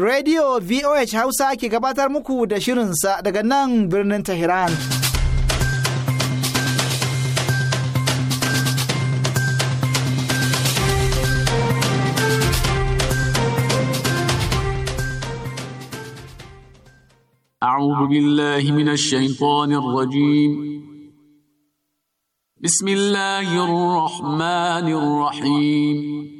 radio vih hausa ke gabatar muku da shirinsa daga nan birnin tahiran. a abu biyar la himina shayin kowanne wajen yi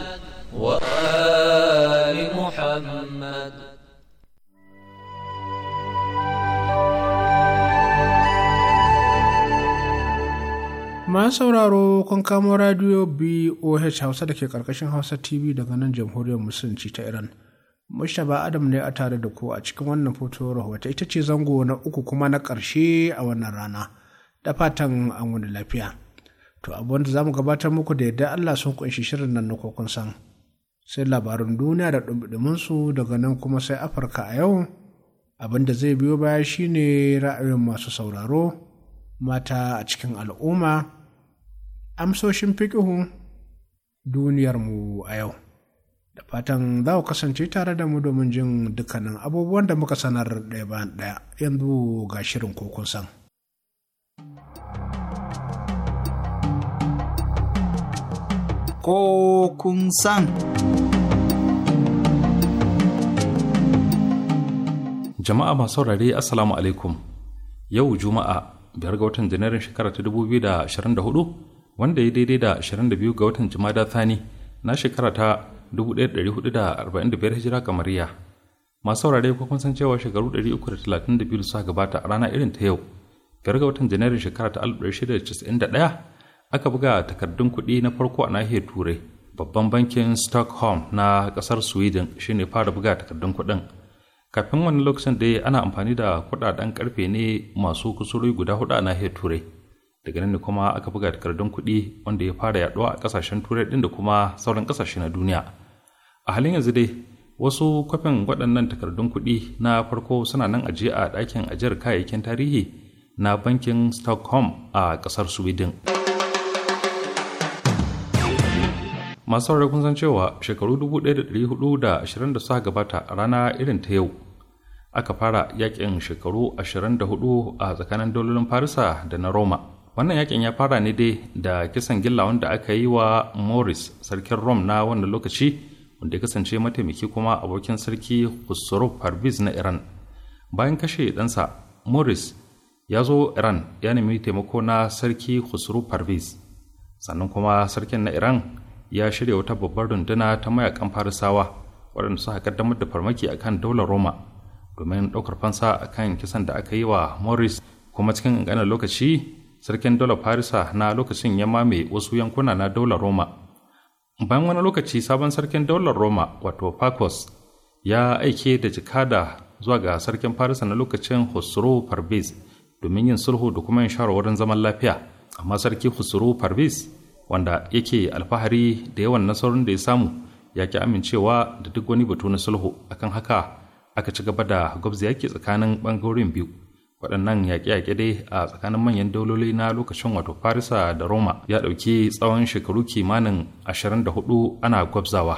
Masu sauraro kun kamo radio BOH Hausa da ke karkashin Hausa TV daga nan jamhuriyar Musulunci ta Iran. Mushaba Adam ne a tare da ku a cikin wannan foto rahoto ita ce zango na uku kuma na ƙarshe a wannan rana. Da fatan an wani lafiya. To abin da za mu gabatar muku da yadda Allah sun kunshi shirin nan na kokon san. Sai labarin duniya da ɗumɗumin su daga nan kuma sai Afirka a yau. Abin da zai biyo baya shine ra'ayin masu sauraro mata a cikin al'umma. amsoshin duniyar mu a yau. Da fatan za ku kasance tare da mu domin jin dukkanin abubuwan da muka sanar ɗaya bayan ɗaya yanzu ga shirin ko kun san. Kokun san. Jama'a masu saurare Assalamu alaikum. Yau Juma'a biyar ga watan Janairun shekara ta 2024 wanda ya daidai da 22 ga watan jumada thani na shekara ta 1445 hijira kamariya masu saurare ko kun san cewa shekaru 332 da suka gabata a rana irin ta yau biyar ga watan janairun shekara ta 1691 aka buga takardun kuɗi na farko a nahiyar turai babban bankin stockholm na ƙasar sweden shine fara buga takardun kuɗin kafin wani lokacin da ana amfani da kuɗaɗen ƙarfe ne masu kusuri guda hudu a nahiyar turai daga nan ne kuma aka buga takardun kuɗi wanda ya fara yaɗuwa a kasashen turai ɗin da kuma sauran ƙasashe na duniya a halin yanzu dai wasu kwafin waɗannan takardun kuɗi na farko suna nan ajiye a ɗakin ajiyar kayayyakin tarihi na bankin stockholm a ƙasar sweden masu saurari kun san cewa shekaru 1420 da suka gabata rana irin ta yau aka fara yakin shekaru 24 a tsakanin dalolin farisa da na roma wannan yakin ya fara ne dai da kisan gilla wanda aka yi wa morris sarkin rom na wannan lokaci wanda ya kasance mataimaki kuma abokin sarki khusro parviz na iran bayan kashe ɗansa morris ya zo iran ya nemi taimako na sarki khusro parviz sannan kuma sarkin na iran ya shirya wata babbar runduna ta mayakan farisawa waɗanda suka kaddamar da farmaki akan daular roma domin ɗaukar fansa akan kisan da aka yi wa morris kuma cikin ƙanƙanin lokaci sarkin daular farisa na lokacin ya mame wasu yankuna na daular roma bayan wani lokaci sabon sarkin daular roma wato pacos ya aike da jikada zuwa ga sarkin farisa na lokacin husro parvis domin yin sulhu da kuma yin shawarwarin zaman lafiya amma sarki husro parvis wanda yake alfahari da yawan nasarorin da ya samu ya ki amincewa da duk wani batu na sulhu akan haka aka ci gaba da gwabza yaki tsakanin bangarorin biyu waɗannan yaƙe-yaƙe dai a tsakanin manyan dauloli na lokacin wato farisa da roma ya ɗauki tsawon shekaru kimanin 24 ana gwabzawa.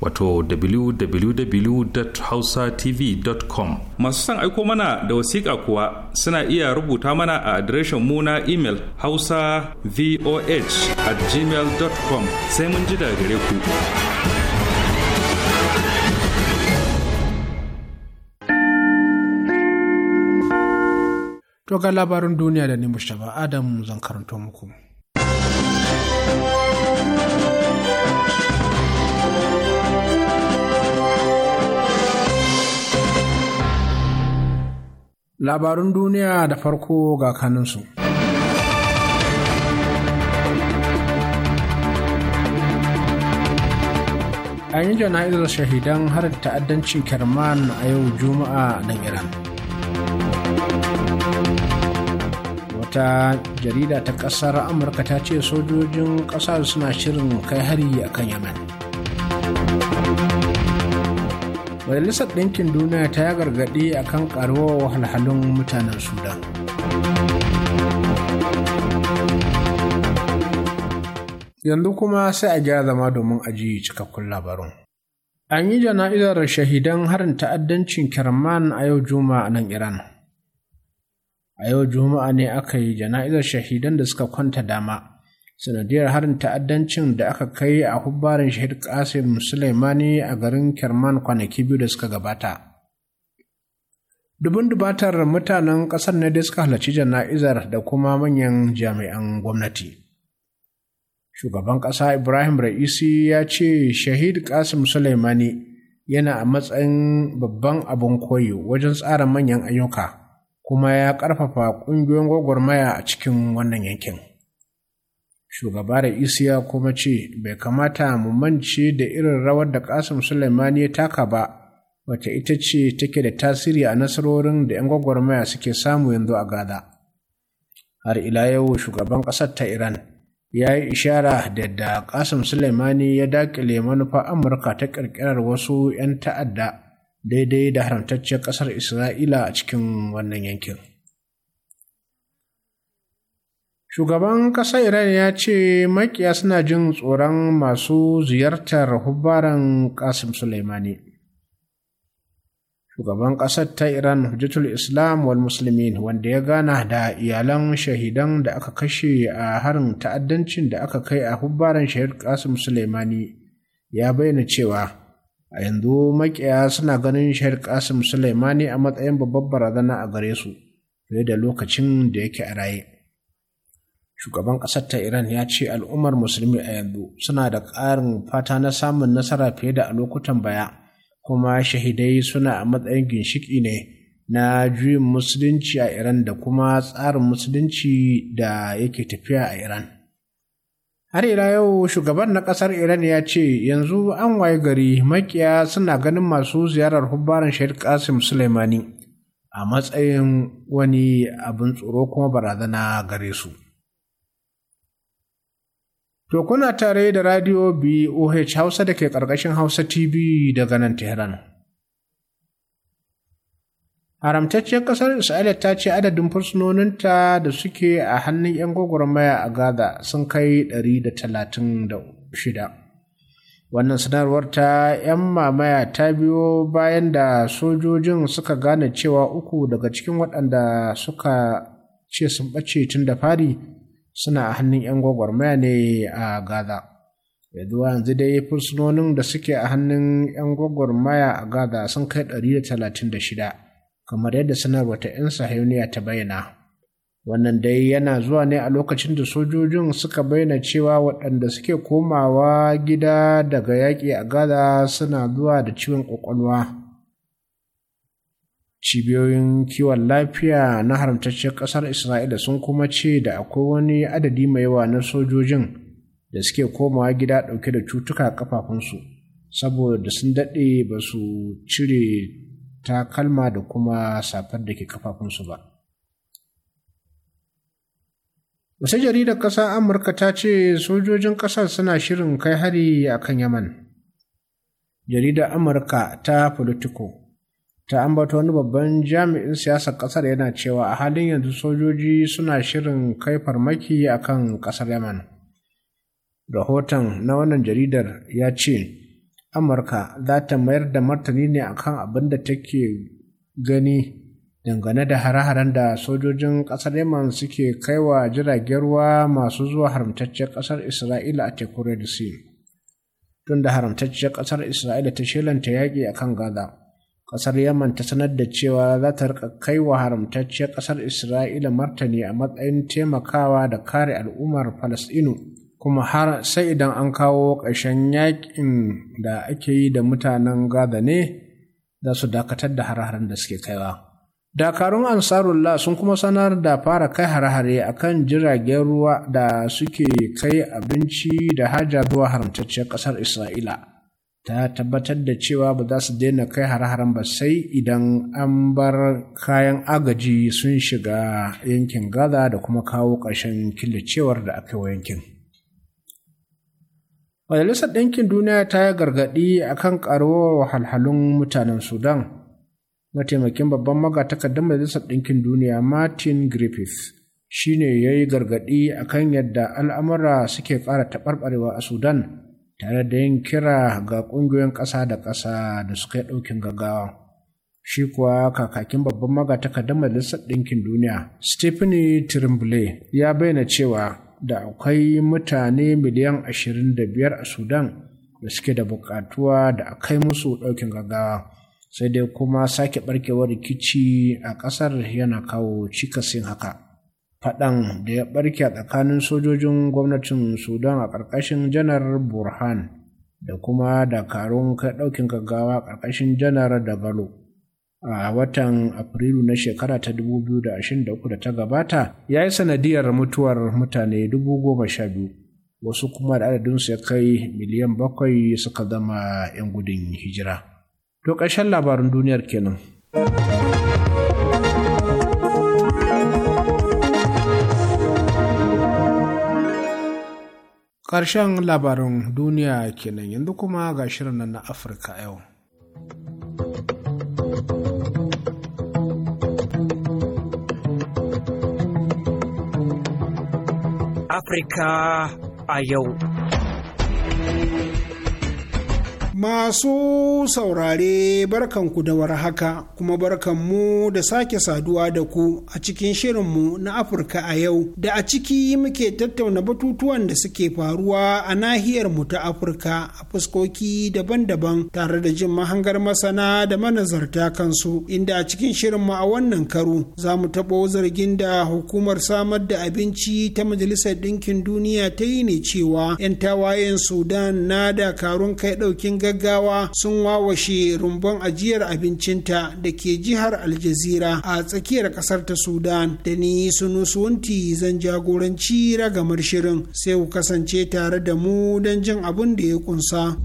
wato www.hausatv.com masu son aiko mana da wasiƙa kuwa suna iya rubuta mana a adireshin mu na imel hausa voh at gmail.com sai mun ji daga gare ku To ga labarin duniya da ni shaba Adam zan karanto muku. Labarun duniya da farko ga kaninsu. An yi jana'izar shahidan har ta'addancin Kerman a yau Juma'a nan Iran. Wata jarida ta ƙasar Amurka ta ce sojojin ƙasar suna shirin kai hari a kan Yemen. majalisar ɗinkin duniya ta ya gargaɗi a kan ƙaruwar wahalhalun mutanen sudan yanzu kuma sai a gyara zama domin aji cikakkun labarin an yi jana'izar shahidan harin ta'addancin kirman a yau juma'a nan iran a yau juma'a ne aka yi jana'izar shahidan da suka kwanta dama sanadiyar harin ta'addancin da aka kai a hubbarin shahid kasim suleimani a garin kerman kwanaki biyu da suka gabata dubin dubatar mutanen ƙasar ne da suka halarci jana'izar da kuma manyan jami'an gwamnati shugaban ƙasa ibrahim ra'isi ya ce shahid kasim suleimani yana a matsayin babban abin koyi wajen tsara manyan ayyuka kuma ya ƙarfafa ƙungiyoyin gwagwarmaya a cikin wannan yankin shugaba da isiya kuma ce bai kamata mu mance da irin rawar da kasim suleimani ya taka ba wacce ita ce take da tasiri a nasarorin da 'yan gwagwarmaya suke samu yanzu a gaza har ila yau shugaban ƙasar ta iran ya yi ishara da da kasim suleimani ya dakile manufa amurka ta ƙirƙirar wasu 'yan ta'adda daidai da haramtacciyar ƙasar isra'ila a cikin wannan yankin Shugaban ƙasar Iran ya ce makiya suna jin tsoron masu ziyartar hubbaran Qasim Soleimani. Shugaban ƙasar ta Iran Hujjatul Islam wal Muslimin wanda ya gana da iyalan shahidan da aka kashe a harin ta'addancin da aka kai a hubbaran shahid Qasim Soleimani ya bayyana cewa a yanzu makiya suna ganin shahid Qasim Soleimani a matsayin babbar barazana a gare su fiye da lokacin da yake a raye. shugaban ƙasar ta iran ya ce al'ummar musulmi a yanzu suna da ƙarin fata na samun nasara fiye da a lokutan baya kuma shahidai suna a matsayin ginshiki ne na juyin musulunci a iran da kuma tsarin musulunci da yake tafiya a iran har ila yau shugaban na ƙasar iran ya ce yanzu an waye gari makiya suna ganin masu ziyarar hubbaran shahid kasim suleimani a matsayin wani abin tsoro kuma barazana gare su. To kuna tare da radio BOH Hausa da ke ƙarƙashin Hausa TV daga nan Tehran. Haramtacciyar ƙasar Isra'il ta ce adadin fursunoninta da suke a hannun 'yan gwagwarmaya a Gaza sun kai 136. Wannan sanarwar ta 'yan mamaya ta biyo bayan da sojojin suka gane cewa uku daga cikin waɗanda suka ce sun ɓace tun da fari. suna a hannun 'yan gwagwarmaya ne a gaza zuwa yanzu dai fursunonin da suke a hannun 'yan gwagwarmaya a gaza sun kai ɗari da da talatin shida, kamar yadda sanarwa ta 'yan sahiyoniya ta bayyana wannan dai yana zuwa ne a lokacin da sojojin suka bayyana cewa waɗanda suke komawa gida daga yaƙi a gaza suna zuwa da ciwon ƙwaƙwalwa cibiyoyin kiwon lafiya na haramtacciyar ƙasar isra'ila sun kuma ce da akwai wani adadi mai yawa na sojojin da suke komawa gida ɗauke da cutuka a ƙafafunsu saboda sun daɗe ba su cire takalma da kuma safar da ke ƙafafunsu ba wasu jaridar ƙasar amurka ta ce sojojin ƙasar suna shirin kai hari a kan yaman jaridar amurka ta politico ta ambata wani babban jami'in siyasar kasar yana cewa a halin yanzu sojoji suna shirin kai farmaki a kan kasar yaman rahoton na wannan jaridar ya ce amurka za ta mayar da martani ne akan abin da take gani dangane da hare-haren da sojojin kasar yaman suke kaiwa jiragen ruwa masu zuwa haramtacciyar kasar isra'ila a tekun red sea tun da haramtacciyar kasar isra'ila ta shelanta yaƙi akan gaza kasar yaman ta sanar da cewa za ta rika kai wa haramtacciyar kasar isra'ila martani a matsayin taimakawa da kare al'ummar falasɗinu kuma har sai idan an kawo ƙarshen yakin da ake yi da mutanen gaza ne za su dakatar da har da suke kaiwa dakarun ansarullah sun kuma sanar da fara kai har-hare a kan jiragen ruwa da suke kai abinci da haja zuwa haramtacciyar ƙasar isra'ila ta tabbatar da cewa ba za su daina kai har-haren ba sai idan an bar kayan agaji sun shiga yankin gaza da kuma kawo ƙarshen killacewar da aka wa yankin majalisar ɗinkin duniya ta yi gargaɗi a kan ƙaruwar wahalhalun mutanen sudan mataimakin babban magatakardar majalisar ɗinkin duniya martin griffith shine ya yi gargaɗi a kan yadda al'amura suke ƙara taɓarɓarewa a sudan tare da yin kira ga ƙungiyoyin ƙasa da ƙasa da suka yi ɗaukin gaggawa. Shi kuwa kakakin babban da Majalisar Ɗinkin Duniya, Stephanie Tremblay, ya bayyana cewa da akwai mutane miliyan 25 a Sudan da suke da buƙatuwa da a kai musu ɗaukin gaggawa. Sai dai kuma sake barkewar rikici a ƙasar yana kawo cikasin haka. faɗan da ya ɓarke a tsakanin sojojin gwamnatin sudan a ƙarƙashin janar burhan da kuma dakarun kai ɗaukin gaggawa a ƙarƙashin janar dagalo a watan afrilu na shekara ta 2023 da ta gabata ya yi sanadiyar mutuwar mutane 12,000 wasu kuma da su ya kai miliyan bakwai suka zama 'yan gudun hijira to ƙarshen labarin duniyar kenan. Karshen labarin duniya kenan yanzu kuma ga shirin na afirka yau afirka a yau Masu saurare barkan ku da war haka kuma barkanmu da sake saduwa da ku a cikin shirinmu na Afirka a yau da a ciki muke tattauna batutuwan da suke faruwa a nahiyar mu ta Afirka a fuskoki daban-daban tare da jin mahangar masana da manazarta kansu inda a cikin shirinmu a wannan karo za mu taɓo zargin da hukumar samar da abinci ta Majalisar Ɗinkin Duniya ta yi ne cewa 'yan tawayen Sudan na da karun kai ɗaukin gaggawa sun wawashe rumbun ajiyar abincinta da ke jihar aljazira a tsakiyar kasar ta sudan da ni sunusunti zan jagoranci ragamar shirin sai ku kasance tare da mu don jin abin da ya kunsa.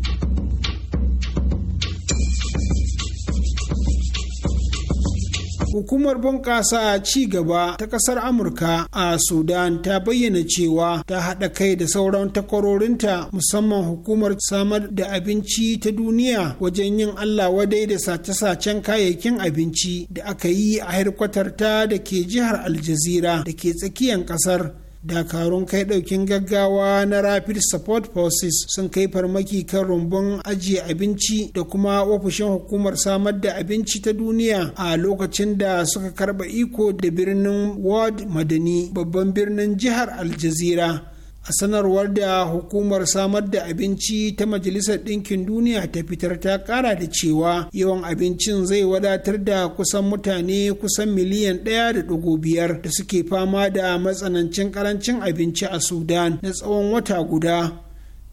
Hukumar bunƙasa ci gaba ta ƙasar Amurka a Sudan ta bayyana cewa ta haɗa kai da sauran takwarorinta musamman hukumar samar da abinci ta duniya wajen yin Allah wadai da sace-sacen kayayyakin abinci da aka yi a harkwatar ta da ke jihar Aljazira da ke tsakiyar ƙasar. dakarun kai daukin gaggawa na rapid support forces sun kai farmaki kan rumbun ajiye abinci da kuma ofishin hukumar samar da abinci ta duniya a lokacin da suka karba iko da birnin ward madani babban birnin jihar aljazira a sanarwar da hukumar samar da abinci ta majalisar ɗinkin duniya ta fitar ta ƙara da cewa yawan abincin zai wadatar da kusan mutane kusan miliyan ɗaya da ɗigo biyar da suke fama da matsanancin ƙarancin abinci a sudan na tsawon wata guda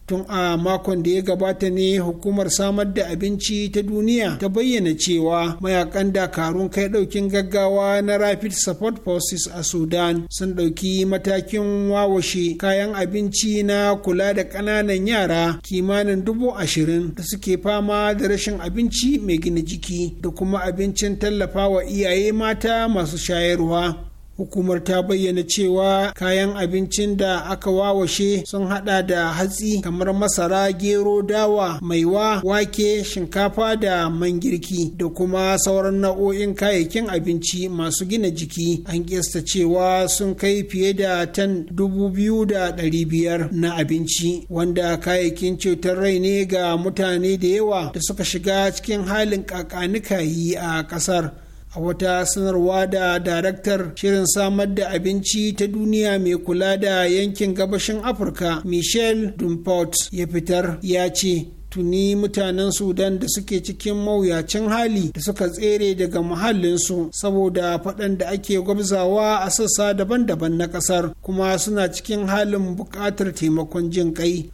tun a makon da ya gabata ne hukumar samar da abinci ta duniya ta bayyana cewa mayakan dakarun kai daukin gaggawa na rapid support forces a sudan sun dauki matakin wawashe kayan abinci na kula da kananan yara kimanin dubu ashirin da suke fama da rashin abinci mai gina jiki da kuma abincin tallafa wa iyaye mata masu shayarwa hukumar ta bayyana cewa kayan abincin da aka wawashe sun hada da hatsi kamar masara gero dawa maiwa wake shinkafa da man girki da kuma sauran nau'o'in kayayyakin abinci masu gina jiki an kesta cewa sun kai fiye da tan dubu biyar na abinci wanda kayayyakin cutar rai ne ga mutane da yawa da suka shiga cikin halin kakanikayi a kasar. a wata sanarwa da daraktar shirin samar da abinci ta duniya mai kula da yankin gabashin afirka michel dumport ya fitar ya ce tuni mutanen sudan da suke cikin mawuyacin hali da suka tsere daga muhallinsu saboda faɗan da ake gwabzawa a sassa daban-daban na ƙasar kuma suna cikin halin buƙatar taimakon jin ƙai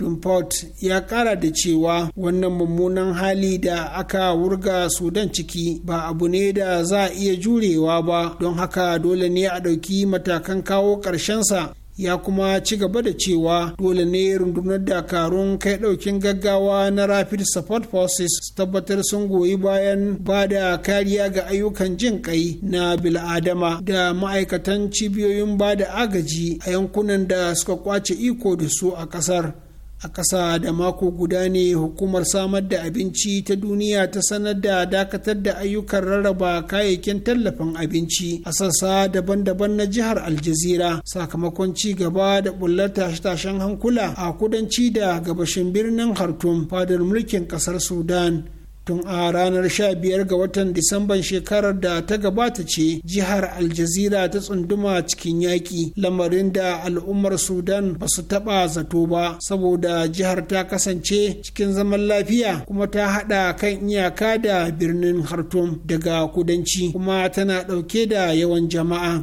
Plumport ya kara da cewa wannan mummunan hali da aka wurga Sudan ciki ba abu ne da za a iya jurewa ba don haka dole ne a ɗauki matakan kawo ƙarshensa ya kuma ci gaba da cewa dole ne rundunar dakarun kai ɗaukin gaggawa na rapid support forces su tabbatar sun goyi bayan ba da kariya ga ayyukan jin ƙai na bil'adama da ma'aikatan cibiyoyin ba da agaji a yankunan da suka kwace iko da su a ƙasar. a ƙasa da mako guda ne hukumar samar da abinci ta duniya ta sanar da dakatar da ayyukan rarraba kayayyakin tallafin abinci a sassa daban-daban na jihar aljazira sakamakon ci gaba da bullar tashe-tashen hankula a kudanci da gabashin birnin hartun fadar mulkin ƙasar sudan tun a ranar 15 ga watan disamban shekarar da ta gabata ce jihar aljazira ta tsunduma cikin yaƙi lamarin da al'ummar sudan ba su taɓa zato ba saboda jihar ta kasance cikin zaman lafiya kuma ta haɗa kan iyaka da birnin hartum daga kudanci kuma tana ɗauke da yawan jama'a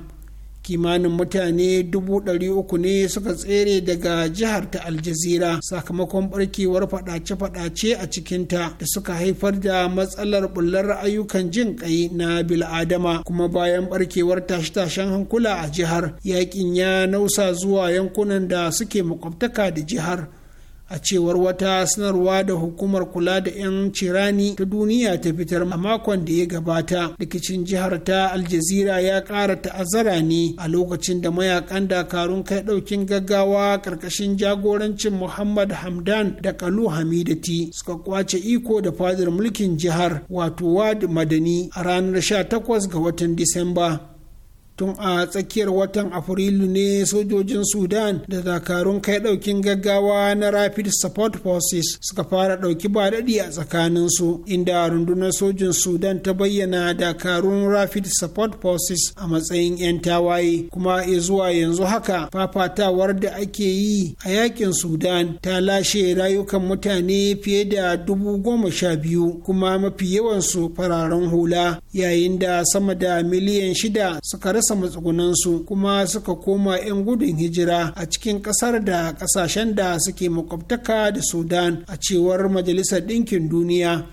kimanin mutane dubu ɗari uku ne suka tsere daga jihar ta aljazira sakamakon barkewar faɗace-faɗace a cikinta da suka haifar da matsalar bullar ayyukan jin ƙai na bil'adama kuma bayan barkewar tashe-tashen hankula a jihar yakin ya nausa zuwa yankunan da suke makwabtaka da jihar a cewar wata sanarwa da hukumar kula da 'yan cirani ta duniya ta fitar a makon da ya gabata rikicin jihar ta aljazira ya ƙara ta'azzara ne a lokacin da mayakan dakarun kai ɗaukin gaggawa ƙarƙashin jagorancin muhammad hamdan da kalu hamidati suka kwace iko da fadar mulkin jihar wato wad madani a ranar 18 ga watan disamba tun a tsakiyar watan afrilu ne sojojin sudan da dakarun kai daukin gaggawa na rapid support forces suka fara dauki ba daɗi a tsakaninsu inda rundunar sojin sudan ta bayyana dakarun rapid support forces a matsayin 'yan tawaye kuma zuwa yanzu haka fafatawar da ake yi a yakin sudan ta lashe rayukan mutane fiye da dubu goma sha biyu kuma mafi yawan su fararen hula yayin da sama da miliyan shida suka rasa rasa matsugunansu kuma suka koma 'yan gudun hijira a cikin ƙasar da ƙasashen da suke makwabtaka da sudan a cewar majalisar ɗinkin duniya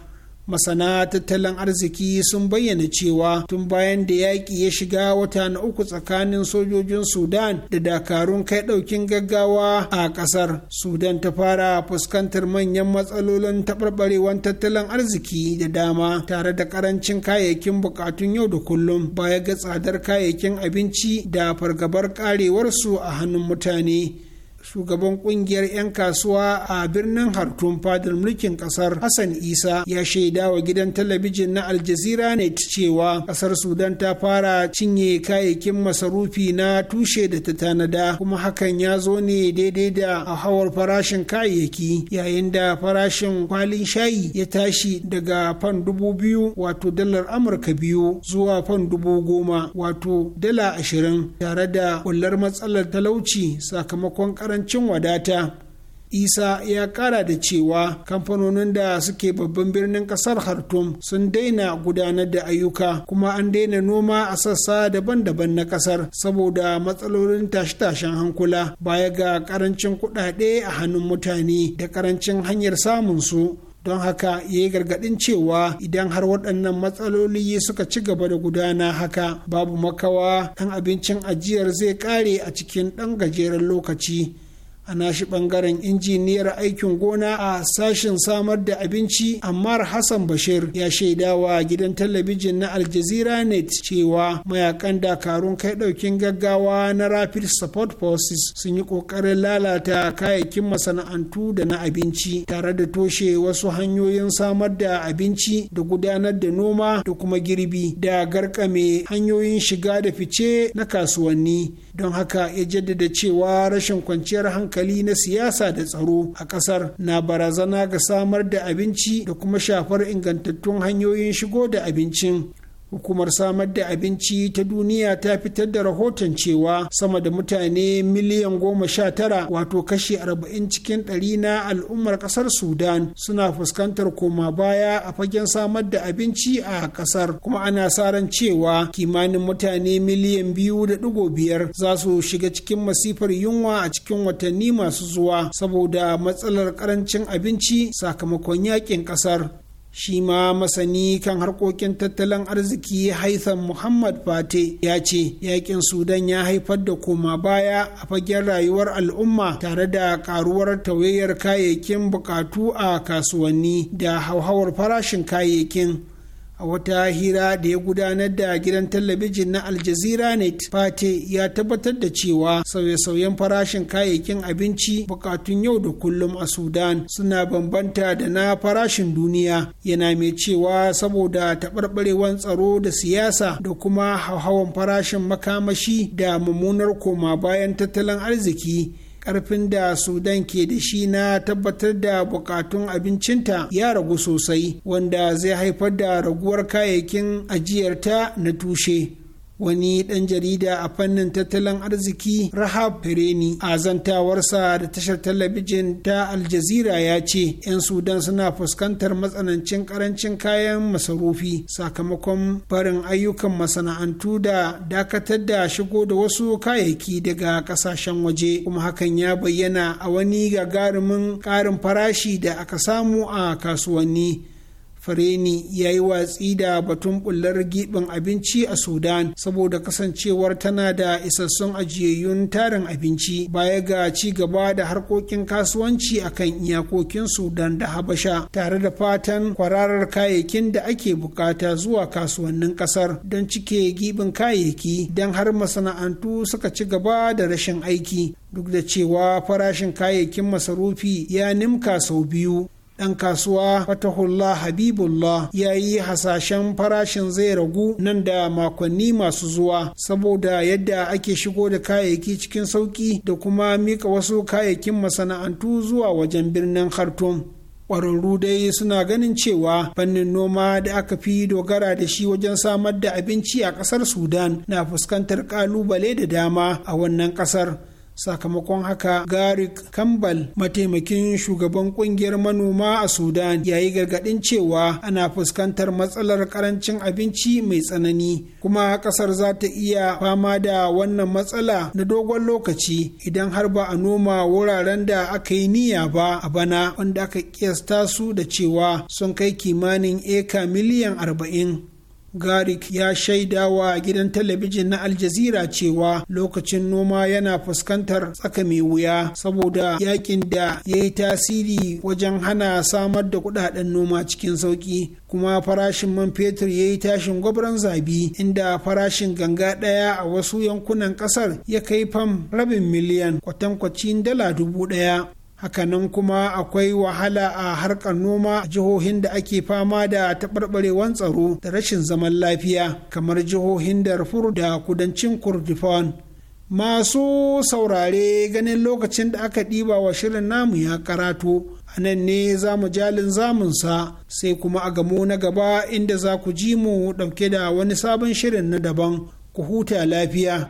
masana tattalin arziki sun bayyana cewa tun bayan da yaƙi ya shiga wata na uku tsakanin sojojin sudan da dakarun kai ɗaukin gaggawa a ƙasar sudan ta fara fuskantar manyan matsalolin taɓarɓarewar tattalin arziki da dama tare da ƙarancin kayayyakin buƙatun yau da kullum baya ga tsadar kayayyakin abinci da fargabar ƙarewarsu a hannun mutane shugaban kungiyar 'yan kasuwa a birnin hartun fadar mulkin kasar hassan isa ya shaida wa gidan talabijin na aljazira net cewa kasar sudan ta fara cinye kayayyakin masarufi na tushe da ta tanada kuma hakan ya zo ne daidai da hawar farashin kayayyaki yayin da farashin kwalin shayi ya tashi daga fan dubu biyu wato dalar amurka biyu zuwa fan dubu goma wato dala ashirin tare da kullar matsalar talauci sakamakon karar karancin wadata isa ya kara da cewa kamfanonin da suke babban birnin kasar hartum sun daina gudanar da ayyuka kuma an daina noma a sassa daban-daban na kasar saboda matsalolin tashe-tashen hankula baya ga karancin kudade a hannun mutane da karancin hanyar samun su don haka ya yi gargaɗin cewa idan har waɗannan matsaloli suka ci gaba da gudana haka babu makawa ɗan abincin ajiyar zai ƙare a cikin ɗan gajeren lokaci a nashi bangaren injiniyar aikin gona a sashen samar da abinci ammar hassan bashir ya shaidawa gidan talabijin na aljazeera net cewa mayakan dakarun kai daukin gaggawa na rapid support forces sun yi kokarin lalata kayayyakin masana'antu da na abinci tare da toshe wasu hanyoyin samar da abinci da gudanar da noma da kuma girbi da garkame hanyoyin shiga da fice na kasuwanni don haka ya jaddada cewa rashin kwanciyar hankali na siyasa da tsaro a kasar na barazana ga samar da abinci da kuma shafar ingantattun hanyoyin shigo da abincin hukumar samar da abinci ta duniya ta fitar da rahoton cewa sama da mutane miliyan goma sha tara wato kashi arba'in cikin ɗari na al'ummar ƙasar sudan suna fuskantar koma baya a fagen samar da abinci a ƙasar kuma ana sa ran cewa kimanin mutane miliyan biyu da ɗigo biyar za su shiga cikin masifar yunwa a cikin watanni masu zuwa saboda matsalar ƙarancin abinci sakamakon yakin ƙasar shi ma masani kan harkokin tattalin arziki haitham muhammad fate ya ce yakin sudan ya haifar da koma baya a fagen rayuwar al'umma tare da karuwar tauyayyar kayayyakin bukatu a kasuwanni da hauhawar farashin kayayyakin a wata hira da ya gudanar da gidan talabijin na aljazira net fate ya tabbatar da cewa sauye-sauyen farashin kayayyakin abinci bukatun yau da kullum a sudan suna bambanta da na farashin duniya yana mai cewa saboda taɓarɓarewan tsaro da siyasa da kuma hauhawan farashin makamashi da mummunar koma bayan tattalin arziki karfin da sudan ke da shi na tabbatar da bukatun abincinta ya ragu sosai wanda zai haifar da raguwar kayayyakin ajiyarta na tushe wani ɗan jarida a fannin tattalin arziki rahab Fireni a zantawarsa da tashar talabijin ta aljazira ya ce 'yan Sudan suna fuskantar matsanancin karancin kayan masarufi sakamakon barin ayyukan masana'antu da dakatar da shigo da wasu kayayyaki daga kasashen waje kuma hakan ya bayyana a wani gagarumin ƙarin farashi da aka samu a kasuwanni. Fareni ya yi watsi da batun bullar giɓin abinci a Sudan saboda kasancewar tana da isassun ajiyayyun tarin abinci baya ga ci gaba da harkokin kasuwanci a kan iyakokin Sudan da Habasha tare da fatan kwararar kayayyakin da ake bukata zuwa kasuwannin ƙasar don cike giɓin kayayyaki don har masana'antu suka ci gaba da rashin aiki duk da cewa farashin kayayyakin masarufi ya nimka sau biyu ɗan kasuwa fatahullah habibullah ya yi hasashen farashin zai ragu nan da makonni masu zuwa saboda yadda ake shigo da kayayyaki cikin sauki da kuma mika wasu kayayyakin masana'antu zuwa wajen birnin khartoum ƙwararru dai suna ganin cewa fannin noma da aka fi dogara da shi wajen samar da abinci a ƙasar sudan na fuskantar ƙalubale da dama a wannan ƙasar sakamakon haka garik kambal mataimakin shugaban kungiyar manoma a sudan ya yi gargadin cewa ana fuskantar matsalar karancin abinci mai tsanani kuma kasar za ta iya fama da wannan matsala na dogon lokaci idan har ba a noma wuraren da aka yi niyya ba a bana wanda aka kiyasta su da cewa sun kai kimanin eka miliyan arba'in garik ya shaida wa gidan talabijin na aljazira cewa lokacin noma yana fuskantar tsaka mai wuya saboda yakin da ya yi tasiri wajen hana samar da kudaden noma cikin sauki kuma farashin man fetur ya yi tashin gwabran zabi inda farashin ganga ɗaya a wasu yankunan ƙasar ya kai fam rabin miliyan kwatankwacin dala dubu ɗaya hakanan kuma akwai wahala a harkar noma a jihohin da ake fama da taɓarɓarewan tsaro da rashin zaman lafiya kamar jihohin da darfur da kudancin kurdifan masu saurare ganin lokacin da aka ɗiba wa shirin namu ya karatu a nan ne za mu jalin zamunsa sai kuma a gamo na gaba inda za ku ji mu ɗauke da wani sabon shirin na daban ku huta lafiya.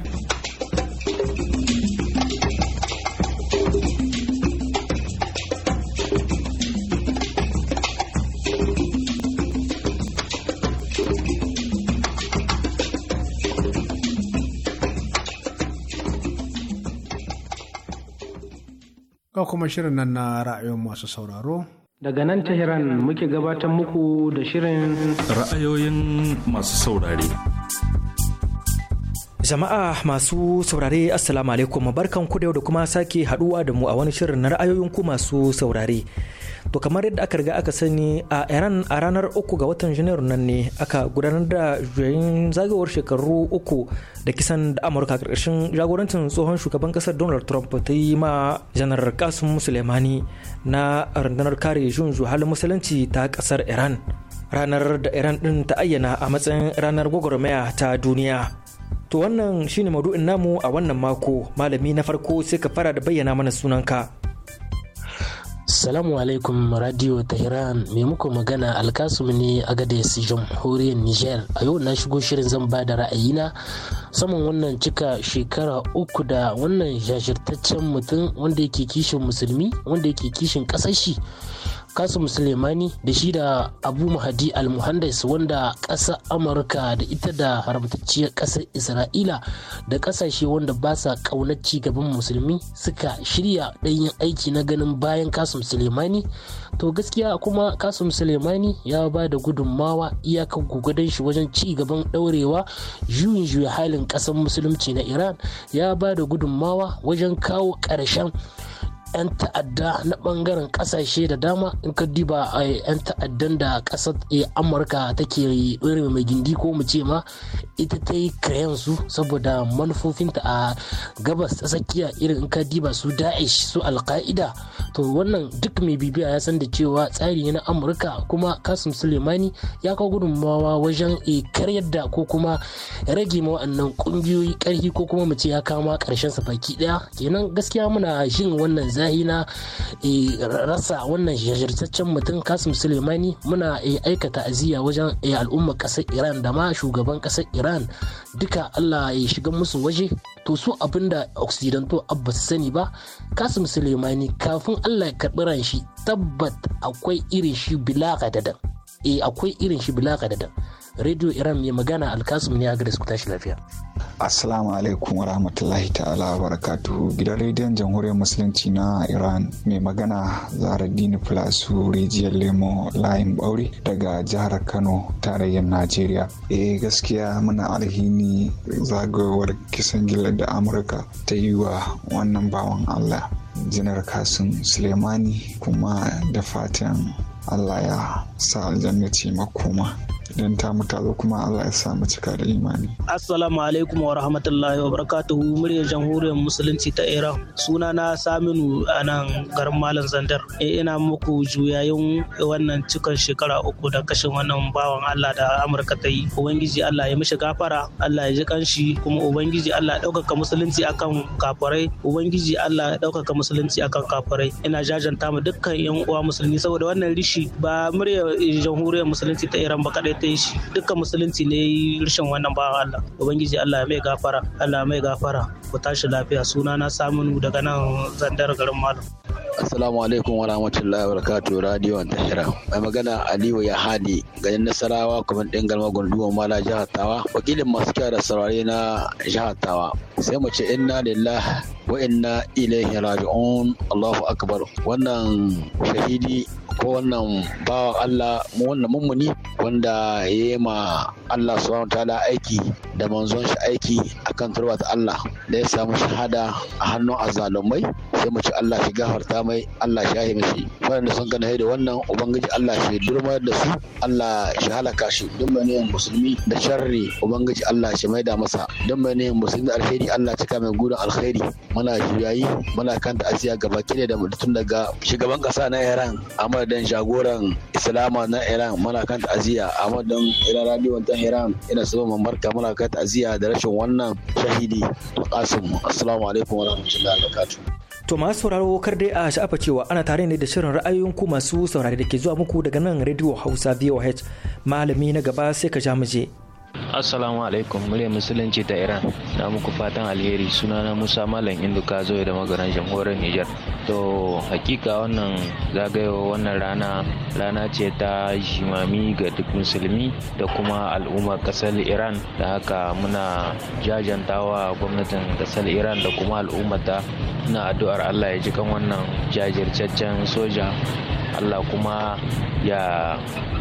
ga kuma shirin nan na ra'ayoyin masu sauraro. Daga nan Tehran muke gabatar muku da shirin ra'ayoyin masu saurare. Jama'a masu saurare Assalamu alaikum barkan ku da yau da kuma sake haduwa da mu a wani shirin na ra'ayoyin ku masu saurare. to kamar yadda aka riga aka sani a iran a ranar uku ga watan janairu nan ne aka gudanar da juyayin zagawar shekaru uku da kisan da amurka karkashin jagorancin tsohon shugaban kasar donald trump ta yi ma janar kasim musulmani na rundunar kare jun halin musulunci ta kasar iran ranar da iran din ta ayyana a matsayin ranar gwagwarmaya ta duniya to wannan shine maudu'in namu a wannan mako malami na farko sai ka fara da bayyana mana sunanka Salamu alaikum Radio Tehran mai muku magana alkasum ne a gadis jamhuriyar niger A yau na shigo shirin zan ba da ra'ayina saman wannan cika shekara uku da wannan shashirtaccen mutum wanda yake kishin musulmi wanda yake kishin ƙasashe. kasim sulemani da shi da abu mahadi almuhandis wanda ƙasa amurka da ita da haramtacciyar ƙasar isra'ila da ƙasashe wanda ba sa ƙaunar gaban musulmi suka shirya ɗanyen aiki na ganin bayan kasim sulemani to gaskiya kuma kasim sulemani ya ba da gudunmawa iyakan gugudan shi wajen ci gaban ɗaurewa juyin juya halin ƙasar musulunci na iran ya ba da gudunmawa wajen kawo ƙarshen 'yan ta'adda na bangaren kasashe da dama in ka diba a eh, 'yan ta'addan da kasar eh, amurka take ɗore mai gindi ko mu ce ma ita ta yi su saboda manufofinta a gabas ta tsakiya irin in ka diba su da'ish su alka'ida to wannan duk mai bibiya ya san da cewa tsari na amurka kuma kasim sulemani ya kawo gudunmawa wajen eh, karyar da ko kuma rage ma wa'annan kungiyoyi karfi ko kuma mu ce ya kama karshen sa baki daya kenan gaskiya muna jin wannan zai zahi na e, rasa wannan jajirtaccen mutum kasim suleimani muna e, aikata aziya wajen e, al'ummar kasar iran da ma shugaban kasar iran duka allah ya shiga musu waje to su abin da occidental abba su sani ba kasim suleimani kafin allah ya karɓi ran shi tabbat akwai irin shi bila kadadan eh akwai irin shi bila kadadan radio iran mai magana alkasum ne agres ku tashi lafiya assalamu alaikum warahmatullahi ta'ala barakatuhu gidan rediyon jamhuriyar musulunci na iran mai magana zaradini plasu rijiyar lemo layin bauri daga jihar kano tarayyar najeriya eh gaskiya muna alhini zagayowar kisan gila da amurka ta yi wa wannan bawan allah janar kasim suleimani kuma da fatan allah ya sa aljanna ce makoma idan ta mutu zo kuma Allah ya sa mu cika da imani. Assalamu alaikum wa rahmatullahi wa barakatuhu muryar jamhuriyar musulunci ta Iran. Suna na Saminu a nan garin Malam Zandar. E, ina muku juyayin wannan cikan shekara uku da kashin wannan bawan Allah da Amurka ta yi. Ubangiji Allah ya mishi gafara, Allah ya ji kanshi kuma Ubangiji Allah ya ɗaukaka musulunci akan kafirai, Ubangiji Allah ya ɗaukaka musulunci akan kafirai. Ina jajanta ma dukkan 'yan uwa musulmi saboda wannan rishi shi ba murya jamhuriyar musulunci ta Iran ba kadai ta yi shi dukkan musulunci ne rishin wannan ba Allah ubangiji Allah mai gafara Allah mai gafara ku tashi lafiya suna na samun daga nan zandar garin malam Assalamu alaikum wa rahmatullahi wa barakatuh Radio tahira Mai magana Aliyu ya hadi ganin Nasarawa kuma din galma gunduwa mala jihar Tawa. Wakilin masu kyau da saurare na jihar Tawa. Sai mu ce inna lillahi wa inna ilaihi raji'un Allahu akbar. Wannan shahidi ko wannan bawan Allah mu wannan mummuni wanda ya yi ma Allah subhanahu ta'ala aiki da manzon shi aiki akan turba ta Allah da ya samu shahada a hannun azalumai sai mu ci Allah shi gafarta mai Allah shi yaye mishi waɗanda sun gane da wannan ubangiji Allah shi durmar da su Allah shi halaka shi don mai musulmi da sharri ubangiji Allah shi mai da masa don mai musulmi alheri Allah cika mai gudun alheri muna juyayi muna kanta asiya gaba kire da mutum daga shugaban kasa na Iran Ahmad dan jagoran Islama na Iran muna kanta asiya Ahmad dan Iran radio ta Iran ina so mu barka muna ka ta'aziyya da rashin wannan shahidi kasin assalamu alaikum wa rahmatullahi wa barakatuh To masu sauraro kar dai a sha'afa cewa ana tare ne da shirin ra'ayoyin ku masu saurare da ke zuwa muku daga nan Radio Hausa VOH. Malami na gaba sai ka ja mu je. Assalamu alaikum muryar musulunci ta Iran na muku fatan alheri suna sunana Musa Malam ka zo da magaran jamhuriyar Nijar. To hakika wannan zagayowa wannan rana rana ce ta shimami ga duk musulmi da kuma al'ummar kasar Iran da haka muna jajantawa gwamnatin kasar Iran da kuma al'ummata na addu'ar Allah ya ji kan wannan jajirtaccen soja allah kuma ya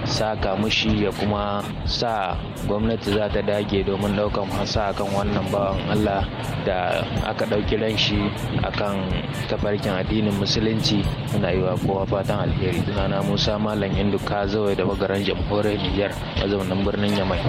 saka mushi ya kuma sa gwamnati za ta dage domin daukan hasa akan wannan bawan allah da aka ɗauki ran shi akan tafarkin addinin musulunci muna yi wa kowa fatan alheri tunana musa malam indu ka da magaran jamhuriyar niger mazaunin birnin yamai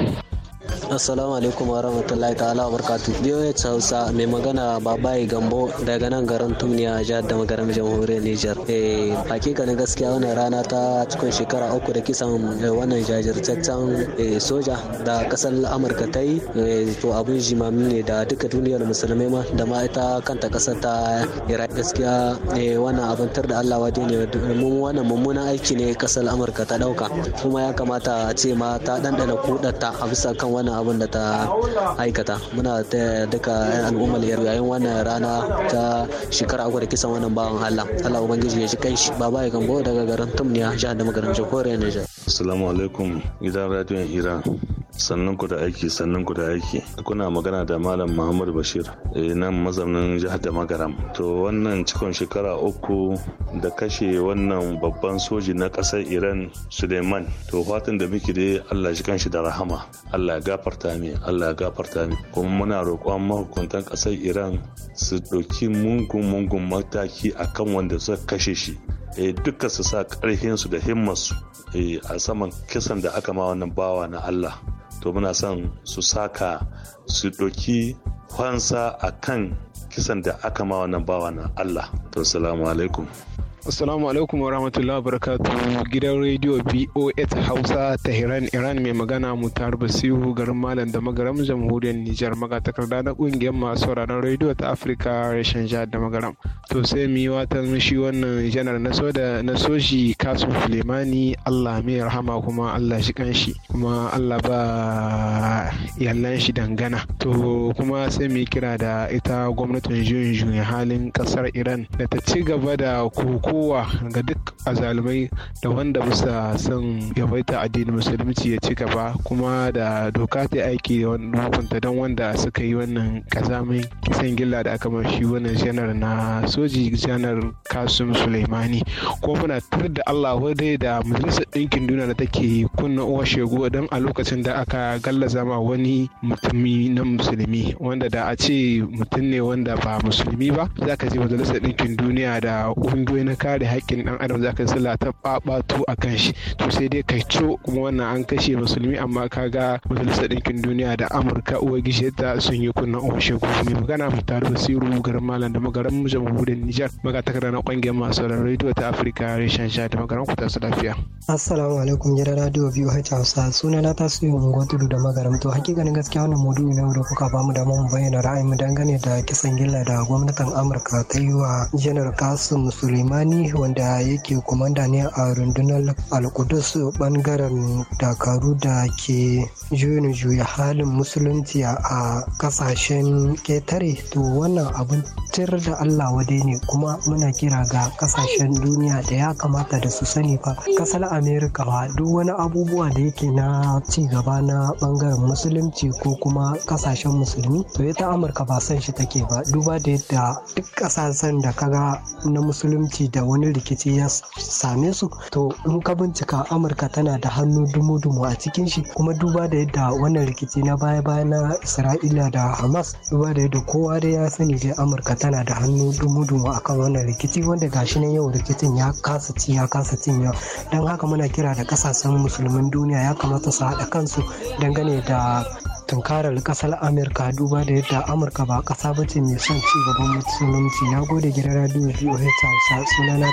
Assalamu alaikum wa rahmatullahi ta'ala wa barkatu. biyoyi Hausa mai magana Babaye Gambo daga nan garin Tumniya jihar da magaram jamhuriyar niger Eh hakikanin gaskiya wannan rana ta cikin shekara uku da kisan eh, wannan jajirtaccen eh, soja da kasar Amurka ta yi eh, to abun jimami ne da duka duniyar musulmai ma da ma ita kanta kasar ta Iraq gaskiya wannan abantar da Allah waje ne wannan mummunan aiki ne kasar Amurka ta dauka kuma ya kamata a ce ma ta dandana kudata a bisa kan wannan abin da ta aikata muna ta duka al'ummar yar yayin wannan rana ta shekara uku da kisan wannan bawan Allah Allah ubangiji ya ji kanshi baba ya gambo daga garin Tumniya jihar da magarin Jamhuriyar Nijar assalamu alaikum gidan radiyon Iran sannan ku da aiki sannan ku da aiki kuna magana da malam muhammad bashir eh, nan mazaunin jihar da magaram to wannan cikon shekara uku da kashe wannan babban soji na kasar iran suleiman to fatan da muke dai allah shi kanshi da rahama allah gafarta mi allah gafarta mi kuma muna roƙon mahukuntan kasar iran su ɗauki mungun mungun mataki akan wanda suka kashe shi eh, duka su sa ƙarfinsu da himmarsu eh, a saman kisan da aka ma wannan bawa na allah to muna son su saka su doki kwansa a kan kisan da aka ma wannan bawa na Allah. To, salamu alaikum. Assalamu alaikum wa rahmatullahi wa barakatu. gidan rediyo BOS Hausa ta Iran mai magana Mutar Basiru garin Malam da Magaram Jamhuriyar Nijar magatakarda na kungiyar masu sauraron rediyo ta Afirka reshen jihar da Magaram. To sai mu yi watan shi wannan janar na so da na soshi Kasim Sulemani Allah mai rahama kuma Allah shi kanshi kuma Allah ba yallan shi dangana. To kuma sai mu kira da ita gwamnatin juyin juyin halin kasar Iran da ta ci gaba da ku Kowa ga duk azalumai da wanda bisa son yawaita addinin musulunci ya ci gaba kuma da doka ta aiki da hukunta don wanda suka yi wannan kazamai kisan gilla da aka shi wannan janar na soji janar kasum suleimani ko muna tar da allah wadai da majalisar ɗinkin duniya da take kunna uwa shegu don a lokacin da aka gallaza ma wani mutumi na musulmi wanda da a ce mutum ne wanda ba musulmi ba za ka je majalisar ɗinkin duniya da ƙungiyoyi na kare haƙƙin ɗan adam zaka sallah ta ɓaɓatu a kan shi to sai dai kai co kuma wannan an kashe musulmi amma ka ga majalisar ɗinkin duniya da amurka uwa ta sun yi kunnan ofishin mai magana mu tare siru garin malam da magaran jamhuriyar nijar magatakar na ƙungiyar masu rediyo ta afirka reshen sha da magaran ku tasu lafiya. assalamu alaikum jira radio biyu hausa suna na tasiri unguwar tudu da magaran to hakikanin gaskiya wannan maudu'i na da kuka bamu da mu bayyana ra'ayin mu dangane da kisan gilla da gwamnatin amurka ta yi wa janar kasim suleimani Sani wanda yake kumanda ne a rundunar Alkudus bangaren dakaru da ke juyin juya halin musulunci a kasashen ketare to wannan abin tir da Allah wadai ne kuma muna kira ga kasashen duniya da ya kamata da su sani fa kasar Amerika ba duk wani abubuwa da yake na ci gaba na bangaren musulunci ko kuma kasashen musulmi to ita Amurka ba san shi take ba duba da yadda duk kasashen da kaga na musulunci da wani rikici ya same su to in ka bincika amurka tana da hannu dumu-dumu a cikin shi kuma duba da yadda wannan rikici na baya-baya na isra'ila da hamas duba da yadda kowa da ya sani dai amurka tana da hannu dumu-dumu kan wannan rikici wanda gashi nan yau rikicin ya kasa ci ya kasa don haka muna kira da kasashen musulmin duniya ya kamata su haɗa kansu dangane da tunkarar kasar amurka duba da yadda amurka ba kasa ba ce mai son ci gaban musulunci ya gode gidan radio voh hausa suna na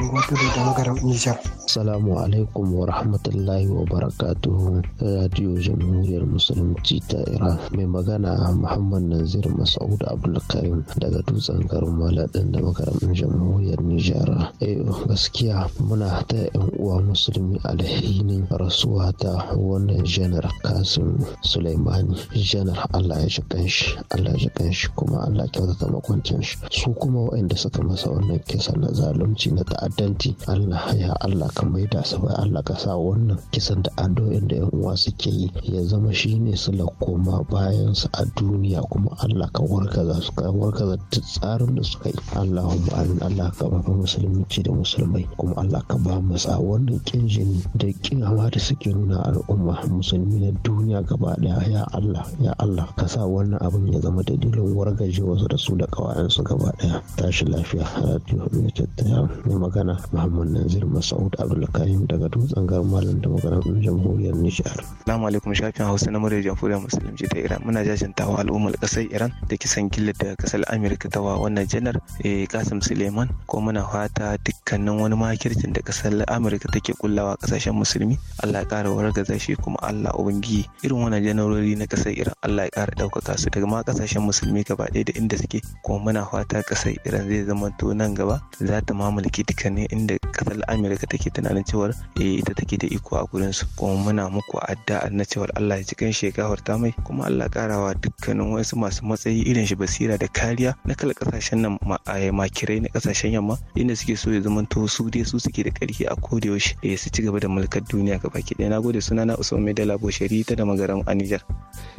unguwa tudu da nijar salamu alaikum wa rahmatullahi wa barakatuhu radio jamhuriyar musulunci ta iran mai magana muhammad nazir masaud abdulkarim daga dutsen garin maladin da magaram jamhuriyar nijar eh, gaskiya muna ta yan uwa musulmi alhinin rasuwa ta wannan janar kasim suleiman imani janar allah ya jikan shi allah ya jikan shi kuma allah kyautata makwancin shi su kuma waɗanda suka masa wannan kisa na zalunci na ta'addanci allah ya allah ka mai su bai allah ka sa wannan kisan da addu'o'in da yan uwa suke yi ya zama shine su koma bayan su a duniya kuma allah ka warkaza su ka warkaza tsarin da suka yi allahumma amin allah ka ba musulunci da musulmai kuma allah ka ba mu sa wannan kin jini da kin da suke nuna al'umma musulmi na duniya gaba daya ya Allah ya Allah ka sa wannan abin ya zama dalilin wargaje wasu da su da kawayensu gaba daya tashi lafiya radio limited tattaya mai magana muhammad nazir masaud abdulkarim daga dutsen garmalin da magana ɗin jamhuriyar nijar assalamu alaikum shafin hausa na murya jamhuriyar musulunci ta iran muna jajantawa al'ummar kasar iran da kisan gilla da kasar amurka ta wa wannan janar kasim eh, suleiman ko muna fata dukkanin wani makircin da kasar amurka take kullawa kasashen musulmi allah ya kara wargaza shi kuma allah ubangiji irin wannan janarori jagorori na ƙasar Iran Allah ya ƙara ɗaukaka su daga ma ƙasashen musulmi gaba ɗaya da inda suke kuma muna fata ƙasar Iran zai zama to nan gaba za ta mamulki dukkanin inda ƙasar Amurka take tunanin cewar eh ita take da iko a gurin su kuma muna muku addu'a na cewar Allah ya ji kan shi gafarta mai kuma Allah ƙarawa dukkanin wasu masu matsayi irin shi basira da kariya na kala ƙasashen nan makirai na ƙasashen yamma inda suke so ya zama to su dai su suke da ƙarfi a koda yaushe eh su ci gaba da mulkar duniya gaba ki ɗaya suna sunana Usman Medela Bosheri ta da magaran anijar.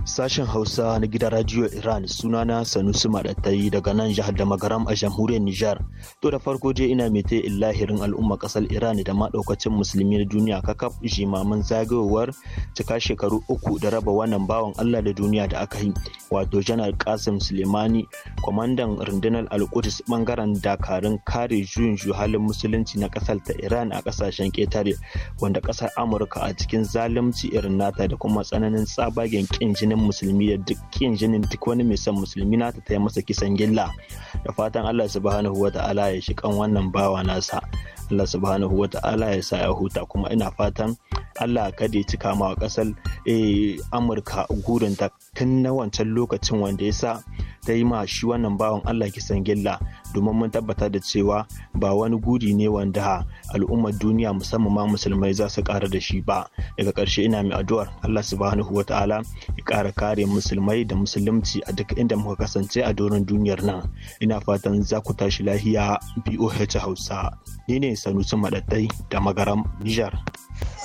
Sashen Hausa na gidan Radio Iran na Sanusi Maɗattayi daga nan jihar da magaram a jamhuriyar Nijar. To da farko je ina mai ta illahirin al'umma kasar Iran da maɗaukacin musulmi na duniya kakaf jimamin zagayowar cika shekaru uku da raba wannan bawan Allah da duniya da aka yi. Wato Janar Kasim Suleimani, kwamandan rundunar al Alƙudus bangaren dakarun kare juyin juhalin musulunci na ƙasar ta Iran a ƙasashen ƙetare, wanda ƙasar Amurka a cikin zalunci irin nata da kuma tsananin tsabagen kin jinin musulmi da duk kin jinin duk wani mai son musulmi na ta taya masa kisan gilla da fatan Allah subhanahu wa ta'ala ya shi kan wannan bawa nasa Allah subhanahu wa ta'ala ya sa ya huta kuma ina fatan Allah kada ya cika ma kasar eh, Amurka gurin ta tun na wancan lokacin wanda ya sa ta yi ma shi wannan bawan Allah kisan gilla domin mun tabbata da cewa ba wani guri ne wanda al'ummar duniya musamman ma musulmai za su kara da shi ba daga ƙarshe ina mai addu'ar Allah subhanahu wa ta'ala ya kara kare musulmai da musulunci a duk inda muka kasance a doron duniyar nan ina fatan za ku tashi lahiya BOH Hausa ni ne Sanusi Madaddai da Magaram Nijar.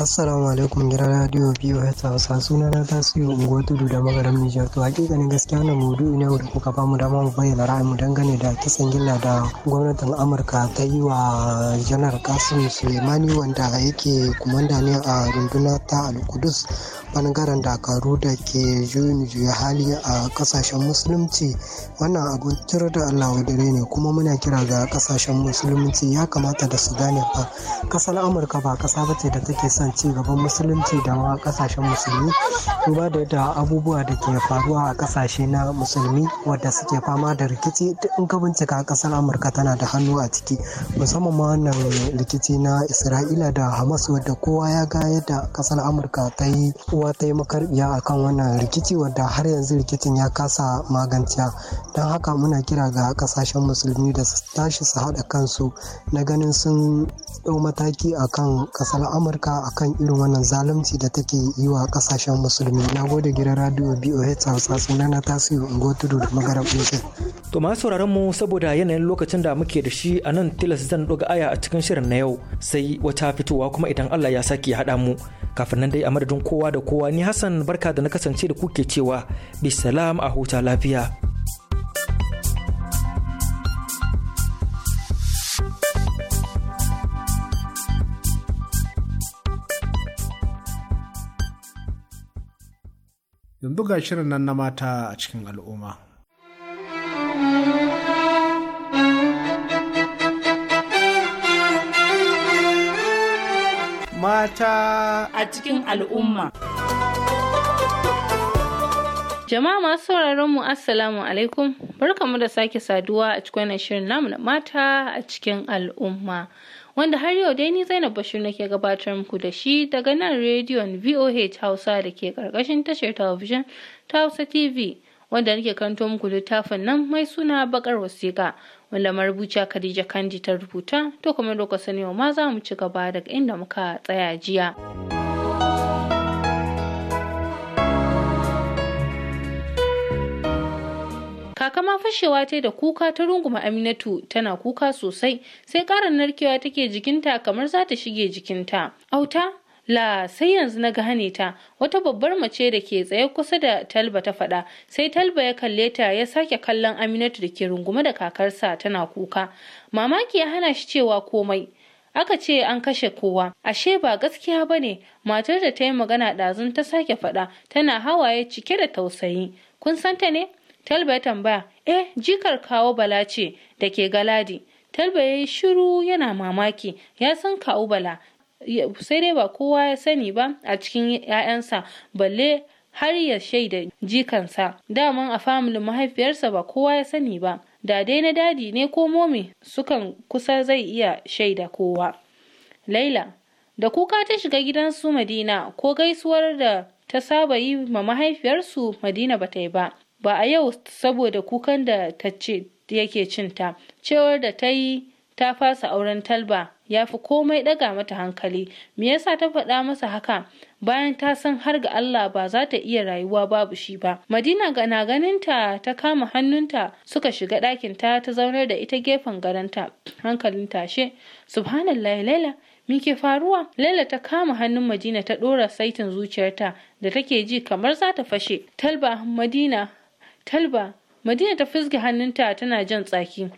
Assalamu alaikum gidan radio ta Hausa suna na tasiri unguwa tudu da magaram Nijar to ne gaskiya na mudu ne da kuka bamu dama mu bayyana ra'ayinmu dangane da kisan gilla da gwamnatin Amurka ta yi wa Janar Kasim sulemani wanda yake kumanda ne a runduna ta Al-Qudus bangaren dakaru da ke juyin juya hali a kasashen musulunci wannan abun tir da Allah dare ne kuma muna kira ga kasashen musulunci ya kamata da su gane fa kasar Amurka ba kasa bace da take son ci gaban musulunci da ma kasashen musulmi duba da yadda abubuwa da ke faruwa a kasashe na musulmi wadda suke fama da rikici duk in ka bincika kasar amurka tana da hannu a ciki musamman ma wannan rikici na isra'ila da hamas wadda kowa ya ga yadda kasar amurka ta yi uwa ta yi makarbiya kan wannan rikici wadda har yanzu rikicin ya kasa magancia don haka muna kira ga kasashen musulmi da su tashi su haɗa kansu na ganin sun ɗau mataki a kan kasar amurka akan irin wannan zalunci da take yi wa kasashen musulmi na gode gidan radio boh hausa na tasiri ungo tudu da magaran to ma sauraron mu saboda yanayin lokacin da muke da shi a nan tilas zan ɗoga aya a cikin shirin na yau sai wata fitowa kuma idan allah ya sake haɗa mu kafin nan dai a madadin kowa da kowa ni hassan barka da na kasance da kuke cewa bisalam a huta lafiya. yanzu ga shirin nan na mata a cikin al'umma. Mata a cikin al'umma. Jama'a masu sauraron mu Assalamu alaikum, barkamu da sake saduwa a cikin shirin namu na mata a cikin al'umma. wanda har yau dai ni Zainab Bashir nake gabatar muku da shi daga nan rediyon VOH Hausa da ke karkashin tashar talabijin ta Hausa TV wanda nake kanto muku littafin nan mai suna bakar wasiƙa wanda marubuciya Khadija Kandi ta rubuta to kuma lokacin yau ma za mu ci gaba daga inda muka tsaya jiya. kaka ma fashewa ta da kuka ta runguma aminatu tana kuka sosai sai karan narkewa take jikinta kamar za ta shige jikinta auta la sai yanzu na gane ta wata babbar mace da ke tsaye kusa da talba ta faɗa sai talba ya kalle ta ya sake kallon aminatu da ke runguma da kakarsa tana kuka mamaki ya hana shi cewa komai aka ce an kashe kowa ashe ba gaskiya ba ne matar da ta yi magana ɗazun ta sake faɗa tana hawaye cike da tausayi kun santa ne Talba ya tambaya, "Eh, jikar kawo Bala ce da ke Galadi." Talba ya yi shiru yana mamaki, ya san kawo Bala, sai dai ba kowa ya sani ba a cikin 'ya'yansa, balle har ya shaida jikansa. Daman a familin mahaifiyarsa ba kowa ya sani ba, da dai na dadi ne ko momi sukan kusa zai iya shaida kowa. Laila, da kuka ta shiga gidansu su Madina ko gaisuwar da ta saba yi ma mahaifiyarsu Madina ba ta yi ba. ba a yau saboda kukan da ta ce yake cinta cewar da ta yi ta fasa auren talba ya fi komai ɗaga mata hankali me yasa ta faɗa masa haka bayan ta san har ga Allah ba za ta iya rayuwa babu shi ba Madina na ganinta ta kama hannunta suka shiga ɗakin ta ta zaunar da ita gefen garanta hankalin tashe Subhanallah! laila me ke faruwa laila ta kama hannun madina ta ɗora saitin zuciyarta da take ji kamar za ta fashe talba madina Talba, Madina ta fizge hannunta tana jan tsaki.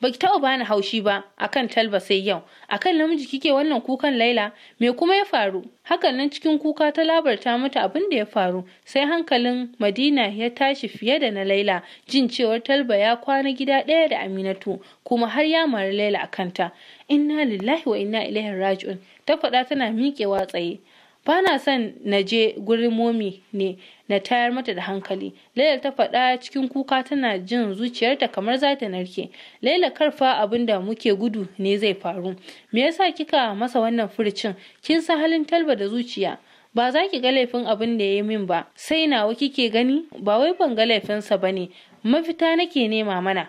Baki taɓa bani haushi ba akan Talba sai yau. Akan namiji kike wannan kukan Laila, me kuma ya faru? Hakan nan cikin kuka ta labarta mata abin da ya faru, sai hankalin Madina ya tashi fiye da na Laila, jin cewar Talba ya kwana gida ɗaya da Aminatu, kuma har ya mari Laila a kanta. Inna lillahi wa inna ilaihi raji'un, ta faɗa tana miƙewa tsaye. Ba na son na je gurin momi ne, na tayar mata da hankali laila ta faɗa cikin kuka tana jin zuciyarta kamar za ta narke laila karfa abin da muke gudu ne zai faru me yasa kika masa wannan furcin kin san halin talba da zuciya ba za ki ga laifin abin da ya yi min ba sai nawa kike gani ba wai ban ga laifinsa ba ne mafita nake nema mana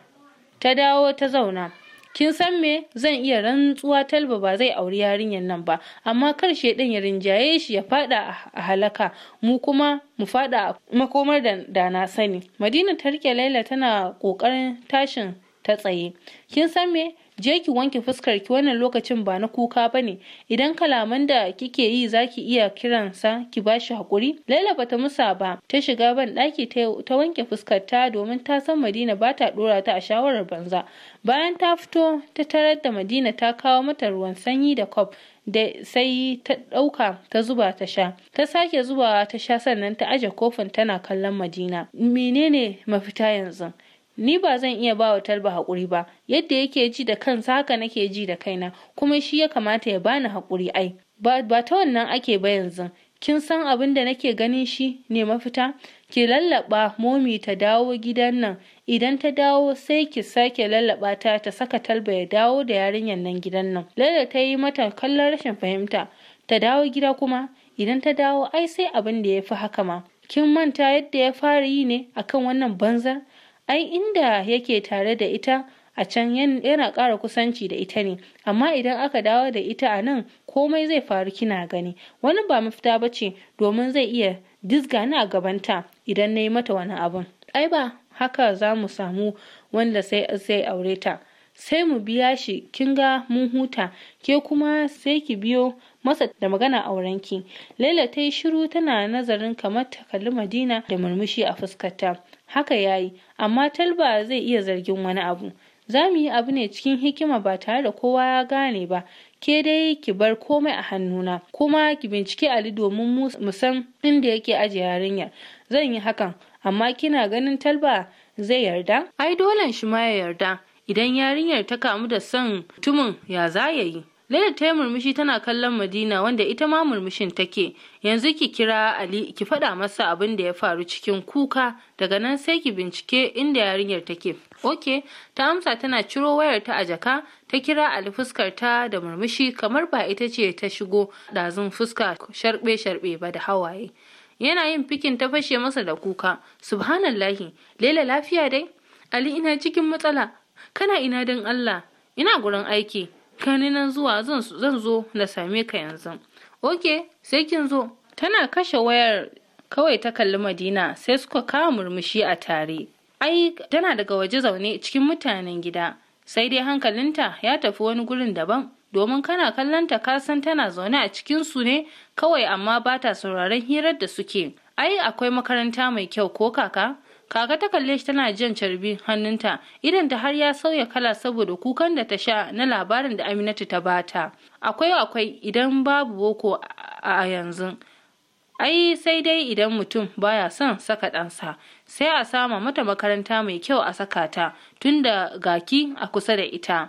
ta dawo ta zauna kin san me zan iya rantsuwa talba ba zai auri yarinyar nan ba amma kar shedan ya rinjaye shi ya fada a halaka mu kuma mu fada a makomar da na sani madina ta laila tana kokarin tashin ta tsaye kin san me je ki wanke fuskar ki wannan lokacin ba na kuka ba ne, idan kalaman da kike yi zaki iya kiransa ki bashi hakuri laila bata musa ba ta shiga ban daki ta wanke fuskar ta domin ta san madina ba ta dora ta a shawarar banza bayan ta fito ta tarar da madina ta kawo mata ruwan sanyi da kwaf da sai ta ɗauka ta zuba ta sha ta sake zubawa ta sha sannan ta aje kofin tana kallon madina menene mafita yanzu ni ba zan iya ba wa talba haƙuri ba yadda yake ji da kansa haka nake ji da kaina kuma shi ya kamata ya bani haƙuri ai ba, ba ta wannan ake ba yanzu kin san abin da nake ganin shi ne mafita ki lallaba momi ta dawo gidan nan idan ta dawo sai ki sake lallaba ta ta saka talba ya dawo da yarinyar nan gidan nan lalla ta yi mata kallon rashin fahimta ta dawo gida kuma idan ta dawo ai sai abin da ya fi haka ma kin manta yadda ya fara yi ne akan wannan banzar ai inda yake tare da ita a can yana ƙara kusanci da ita ne amma idan aka dawo da ita a nan komai zai faru kina gani wani ba mafita ba ce domin zai iya dizga ni a gabanta idan na yi mata wani abun ai ba haka za mu samu wanda sai zai aure ta sai mu biya shi kin ga mun huta ke kuma sai ki biyo masa da magana aurenki laila ta yi shiru tana nazarin kamar ta kalli madina da murmushi a fuskarta haka yayi amma talba zai iya zargin wani abu za mu yi abu ne cikin hikima ba tare da kowa ya gane ba ke dai ki bar komai a hannuna kuma ki bincike ali domin mu san inda yake aje yarinyar zan yi hakan amma kina ganin talba zai yarda ai dolen shi ma ya yarda idan yarinyar ta kamu da son mutumin ya za yi Laila ta yi murmushi tana kallon Madina wanda ita ma murmushin take. Yanzu ki kira Ali ki faɗa masa abin da ya faru cikin kuka daga nan sai ki bincike inda yarinyar take. Oke, ta amsa tana ciro wayar ta a jaka ta kira Ali fuskar ta da murmushi kamar ba ita ce ta shigo ɗazun fuska sharɓe-sharɓe ba da hawaye. Yana yin fikin ta fashe masa da kuka. Subhanallahi, Laila lafiya dai? Ali ina cikin matsala. Kana ina don Allah. Ina gurin aiki. kani nan zuwa zan zo na same ka yanzu oke sai kin zo tana kashe wayar kawai ta kalli madina sai suka kawo murmushi a tare ai tana daga waje zaune cikin mutanen gida sai dai hankalinta ya tafi wani gurin daban domin kana kallonta ka san tana zaune a cikin su ne kawai amma ba ta sauraron hirar da suke ai akwai makaranta mai kyau ko kaka kaka ta kalle shi tana jan carbi hannunta idan ta har ya sauya kala saboda kukan da ta sha na labarin da aminatu ta bata akwai akwai idan babu boko a yanzu ai sai dai idan mutum baya son saka ɗansa sai a sama mata makaranta mai kyau a saka ta tunda gaki a kusa da ita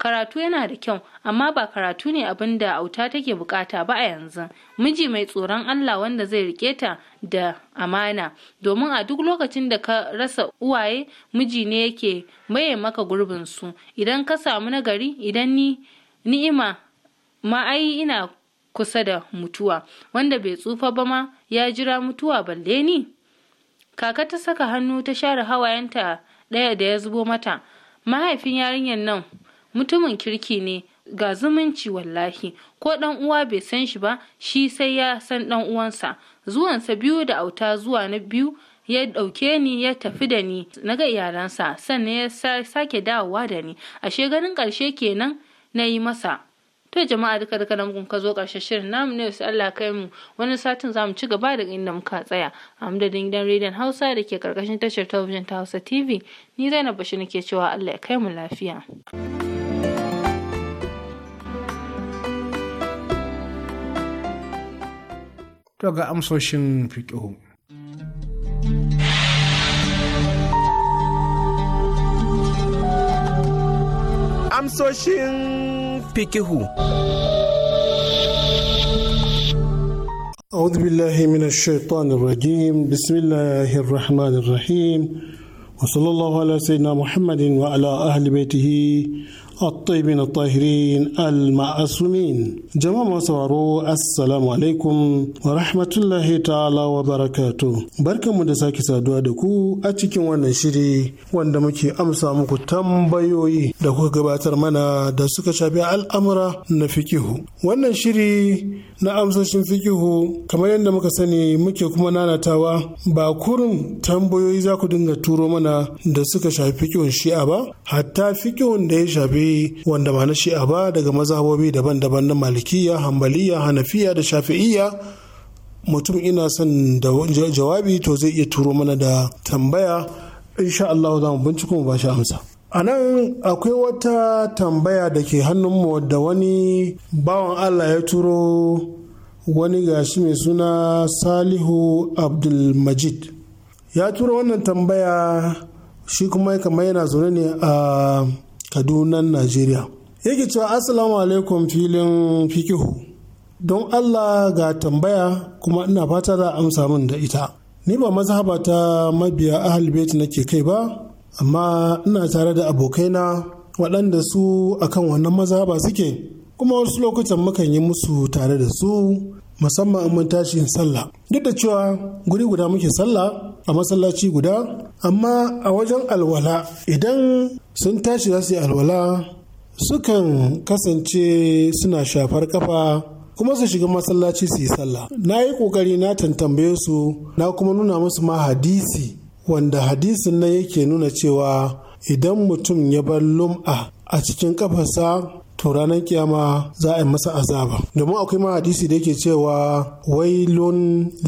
karatu yana da kyau amma ba karatu ne abin da auta take bukata ba a yanzu miji mai tsoron allah wanda zai rike ta da amana domin a duk lokacin da ka rasa uwaye miji ne yake maye maka gurbin su idan ka samu nagari idan ni ni'ima ma ai ina kusa da mutuwa wanda bai tsufa ba ma ya jira mutuwa balle ni kaka ta saka hannu ta share hawayenta ɗaya da ya zubo mata mahaifin yarinyar nan mutumin kirki ne ga zumunci wallahi ko dan uwa bai san shi ba shi sai ya san dan uwansa zuwansa biyu da auta zuwa na biyu ya ɗauke ni ya tafi da ni na ga iyalansa sannan ya sake dawowa da ni ashe ganin ƙarshe kenan na yi masa to jama'a duka duka da kun ka zo karshe shirin namu ne sai Allah kai mu wani satin zamu ci gaba daga inda muka tsaya a madadin gidan rediyon Hausa da ke karkashin tashar talabijin ta Hausa TV ni zai Zainab Bashir nake cewa Allah ya kai mu lafiya. To ga amsoshin fiƙihu. Amsoshin hu. أعوذ بالله من الشيطان الرجيم بسم الله الرحمن الرحيم وصلى الله على سيدنا محمد وعلى أهل بيته الطيبين الطاهرين المعصومين جماعة sauraro assalamu alaikum wa ta'ala wa barakatu barkanmu da sake saduwa da ku a cikin wannan shiri wanda muke amsa muku tambayoyi da kuka gabatar mana da suka shafi al'amura na fikihu wannan shiri na amsoshin fikihu kamar yadda muka sani muke kuma nanatawa ba kurin tambayoyi za ku dinga turo mana da suka shafi fikihun shi'a ba hatta fikihun da ya shafi wanda ma na shi'a ba daga mazhabobi daban-daban na malikiya hambaliya hanafiya da shafi'iyya mutum ina son da jawabi to zai iya turo mana da tambaya insha Allah za mu binciko mu ba shi amsa A nan akwai wata tambaya da ke hannunmu da wani bawan Allah ya turo wani gashi mai suna Salihu Abdulmajid. Ya turo wannan tambaya shi kuma kamar yana zaune ne a Kadunan Najeriya. Yake cewa Assalamu alaikum filin fikihu. Don Allah ga tambaya kuma ina fata za amsa min da ita. Ni ba mazhaba ta mabiya ahal nake kai ba. amma ina tare da abokaina waɗanda su akan wannan maza ba suke kuma wasu lokutan mukan yi musu tare da su musamman mun tashi sallah duk da cewa guri guda muke sallah a masallaci guda amma a wajen alwala idan sun tashi za su yi alwala sukan kasance suna shafar kafa kuma su shiga masallaci su yi sallah na yi kokari na tantambaye su na kuma nuna musu ma hadisi wanda hadisin nan yake nuna cewa idan mutum ya bar lum'a a cikin kafarsa to ranar kiyama za a yi masa azaba domin akwai ma hadisi da yake cewa wailun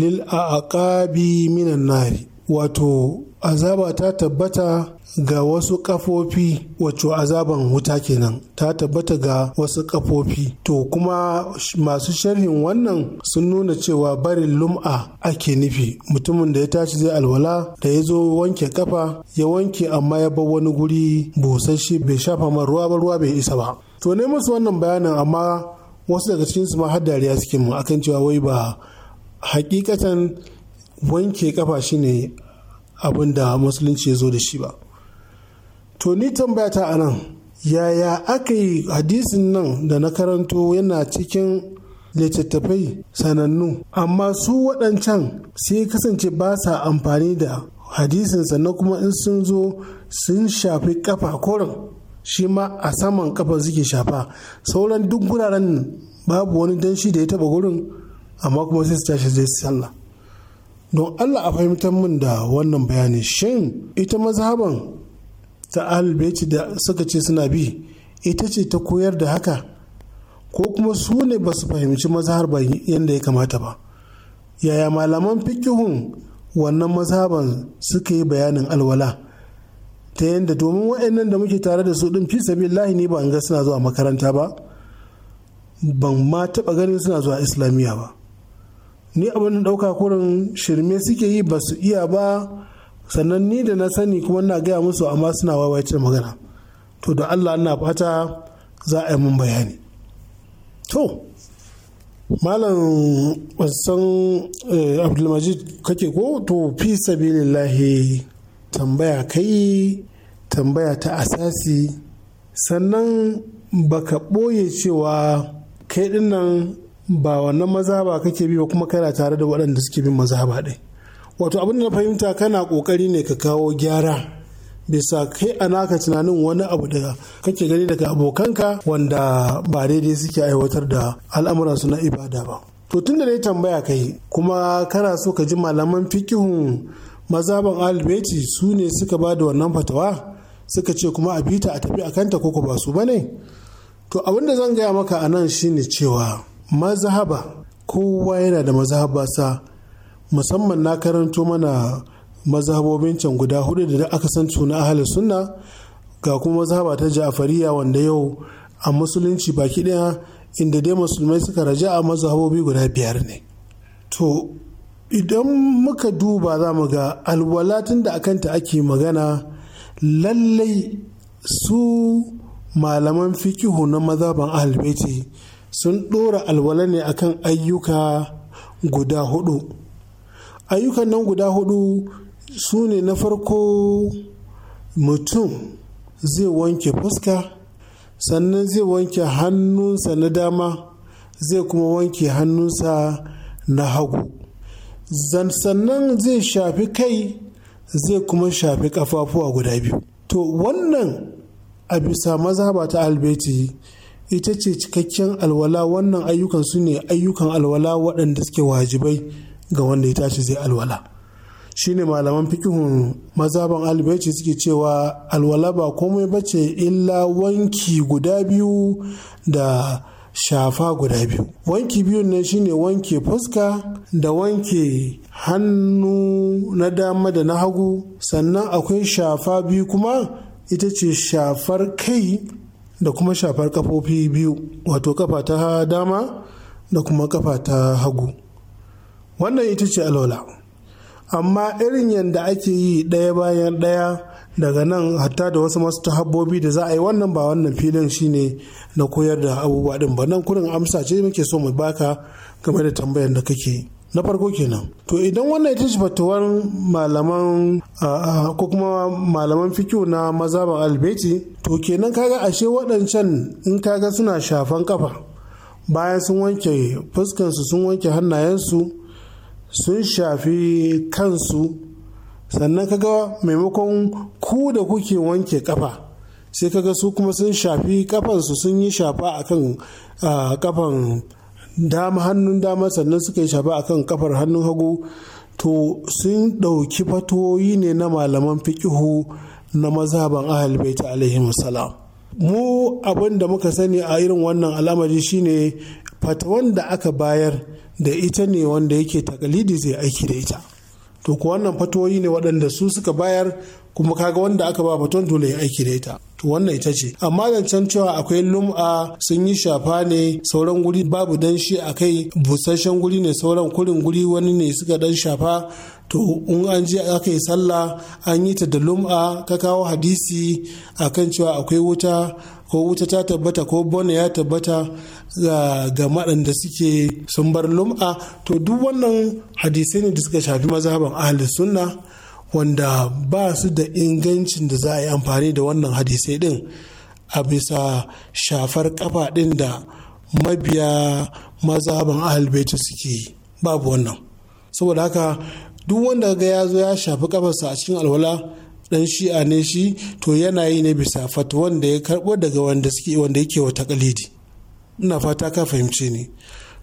lil aqabi minan nari wato azaba ta tabbata ga wasu kafofi wato azaban wuta kenan ta tabbata ga wasu kafofi to kuma masu sharhin wannan sun nuna cewa barin lum'a ake nufi mutumin da ya tashi zai alwala da ya zo wanke kafa ya wanke amma ya bar wani guri busasshe bai shafa man ruwa ba ruwa bai isa ba to ne musu wannan bayanin amma wasu daga cikin su ma har dariya suke mu akan cewa wai ba hakikatan wanke kafa shine abin da musulunci ya zo da shi ba to ni tambaya ta a nan yaya aka yi hadisin nan da na karanto yana cikin littattafai sanannu amma su waɗancan sai kasance ba sa amfani da hadisin sannan kuma in sun zo sun shafi kafa korin shi ma a saman kafa suke shafa sauran duk guraren babu wani danshi da ya taba gurin amma kuma sai su tashi zai sallah don allah a fahimtar min da wannan bayani shin ita mazhaban ta albeci da suka ce suna bi ita ce ta koyar da haka ko kuma su ne ba su fahimci mazhar ba yadda ya kamata ba yaya malaman fikihun wannan mazhaban suka yi bayanin alwala ta yadda domin wa'annan da muke tare da su din fi lahi ne ba ga suna zuwa makaranta ba ban ma taɓa ganin suna zuwa islamiyya ba ni abin ɗauka kurin shirme suke yi ba su iya ba sannan ni da na sani kuma na gaya musu amma suna wawaitar magana to da allah na fata za a yi mun bayani to malam wasan eh, abdulmajid kake ko to fi sabilillahi tambaya kai tambaya ta asasi sannan baka ɓoye cewa kai dinnan ba wannan maza ba kake bi ba kuma kana tare da waɗanda suke bin maza ba ɗin wato abin da na fahimta kana ƙoƙari ne ka kawo gyara bisa kai a naka tunanin wani abu da kake gani daga abokanka wanda ba daidai suke aiwatar da al'amuransu na ibada ba to tun da dai tambaya kai kuma kana so ka ji malaman fikihun mazaban albeti su ne suka ba da wannan fatawa suka ce kuma a bita a tafi a kanta koko ba su ba ne to abin da zan gaya maka a nan shine cewa mazhaba kowa yana da sa musamman na karanto mana mazahabobin can guda hudu da aka san suna a halin sunna ga kuma mazahaba ta ja'fariya wanda yau a musulunci baki daya inda dai musulmai suka raja a mazahabobi guda biyar ne to idan muka duba za mu ga alwalatin da akanta ake magana lallai su malaman fikihu na mazhaban ahalbaiti sun ɗora alwala ne akan ayyuka guda hudu ayyukan nan guda hudu su ne na farko mutum zai wanke fuska sannan zai wanke hannunsa na dama zai kuma wanke hannunsa na hagu sannan zai shafi kai zai kuma shafi kafafuwa guda biyu to wannan a bisa mazhaba ta albeti ita ce cikakken alwala wannan ayyukan su ne ayyukan alwala waɗanda suke wajibai ga wanda ya tashi zai alwala shine malaman fikihun mazaban alibaici suke cewa alwala ba komai ba ce illa wanki guda biyu da shafa guda biyu wanki biyun nan shine wanke fuska da wanke hannu na dama da na hagu sannan akwai shafa biyu kuma ita ce shafar kai da kuma shafar kafofi biyu wato kafa ta dama da kuma kafa ta hagu wannan ita ce alwala amma irin yadda ake yi ɗaya bayan ɗaya daga nan hatta da wasu masu tahabbobi da za a yi wannan ba wannan filin shine na koyar da abubuwa ɗin ba nan kurin amsa ce muke so mu baka game da tambayar da kake yi na farko kenan to idan wannan ita ce fatuwar malaman ko kuma malaman fikiyo na mazaban albeti to kenan kaga ashe waɗancan in kaga suna shafan kafa bayan sun wanke fuskansu sun wanke hannayensu sun shafi kansu sannan kaga maimakon ku da kuke wanke kafa sai kaga su kuma sun shafi kafansu sun yi shafa a akan kafan dama hannun dama sannan suka yi shafa akan kafar hannun hagu to sun ɗauki fatoyi ne na malaman fikihu na mazhaban ahal baita alaihi salam mu abin da muka sani a irin wannan al'amari shine fatawan da aka bayar da ita ne wanda yake takalidi zai aiki da ita to ku wannan fatoyi ne waɗanda su suka bayar kuma kaga wanda aka ba baton dole ya aiki da ita to wannan ita ce amma zancen cewa akwai lum'a sun yi shafa ne sauran guri babu danshi a kai busasshen guri ne sauran kurin guri wani ne suka dan shafa to in an je aka yi sallah an yi ta da lum'a ka kawo hadisi akan cewa akwai wuta ko wuta ta tabbata ko bone ya tabbata ga da suke sun bar lum'a to duk wannan hadisai ne da suka shafi mazhaban ahli sunna wanda ba su da ingancin da za a yi amfani da wannan hadisai din a bisa shafar kafa din da mabiya mazaban ahalbaitu suke babu wannan saboda haka duk wanda ga ya zo ya shafi kafarsa a cikin alwala dan shi'a ne shi to yana yi ne bisa fatwa wanda ya karbo daga wanda suke wanda yake wata kalidi ina fata ka fahimce ni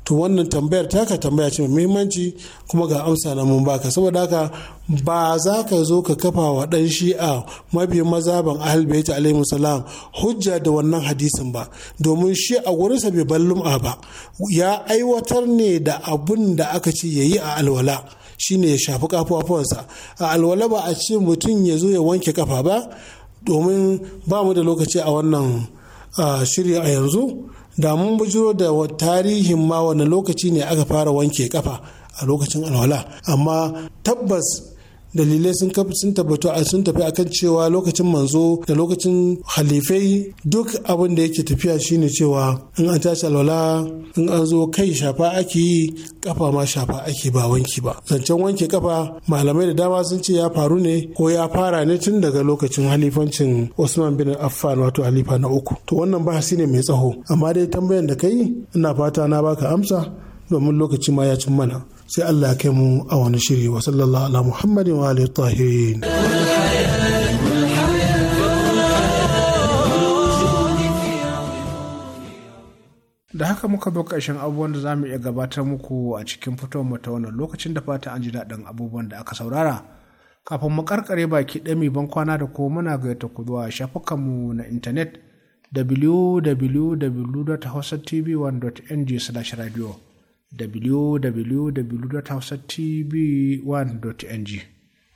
to wannan tambayar taka tambaya ce mai muhimmanci kuma ga amsa na mun baka saboda haka ba za ka zo ka kafa wa dan shi'a mafi mazaban ahal baiti alaihi salam hujja da wannan hadisin ba domin shi a gurinsa bai ballum'a ba ya aiwatar ne da abun da aka ce yayi a alwala shine ya shafi kafafuwansa a alwala ba a ce mutum ya zo ya wanke kafa ba domin ba mu da lokaci a wannan shirya a yanzu da mun bujiro da tarihin ma wani lokaci ne aka fara wanke kafa a lokacin alwala amma tabbas dalilai sun kafa sun tabbatu a sun tafi akan cewa lokacin manzo da lokacin halifai duk abin da yake tafiya shine cewa in an tashi alwala in an zo kai shafa ake yi kafa ma shafa ake ba wanki ba zancen wanke kafa malamai da dama sun ce ya faru ne ko ya fara ne tun daga lokacin halifancin Usman bin Affan wato halifa na uku to wannan bahasi ne mai tsaho amma dai tambayan da kai ina fata na baka amsa domin lokaci ma ya cin mana sai Allah ya kai mu a wani shiri wa sallallahu ala muhammadin wa alihi tahirin da haka muka bi ƙarshen abubuwan da za mu iya gabatar muku a cikin fitowar ta wannan lokacin da fata an ji daɗin abubuwan da aka saurara kafin mu karkare baki ɗami ban kwana da ko muna gayyata ku zuwa mu na intanet www.hausatv1.ng/radio www.hausatv1.ng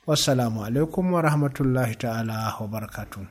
wassalamu alaikum wa rahmatullahi ta'ala wa barakatuh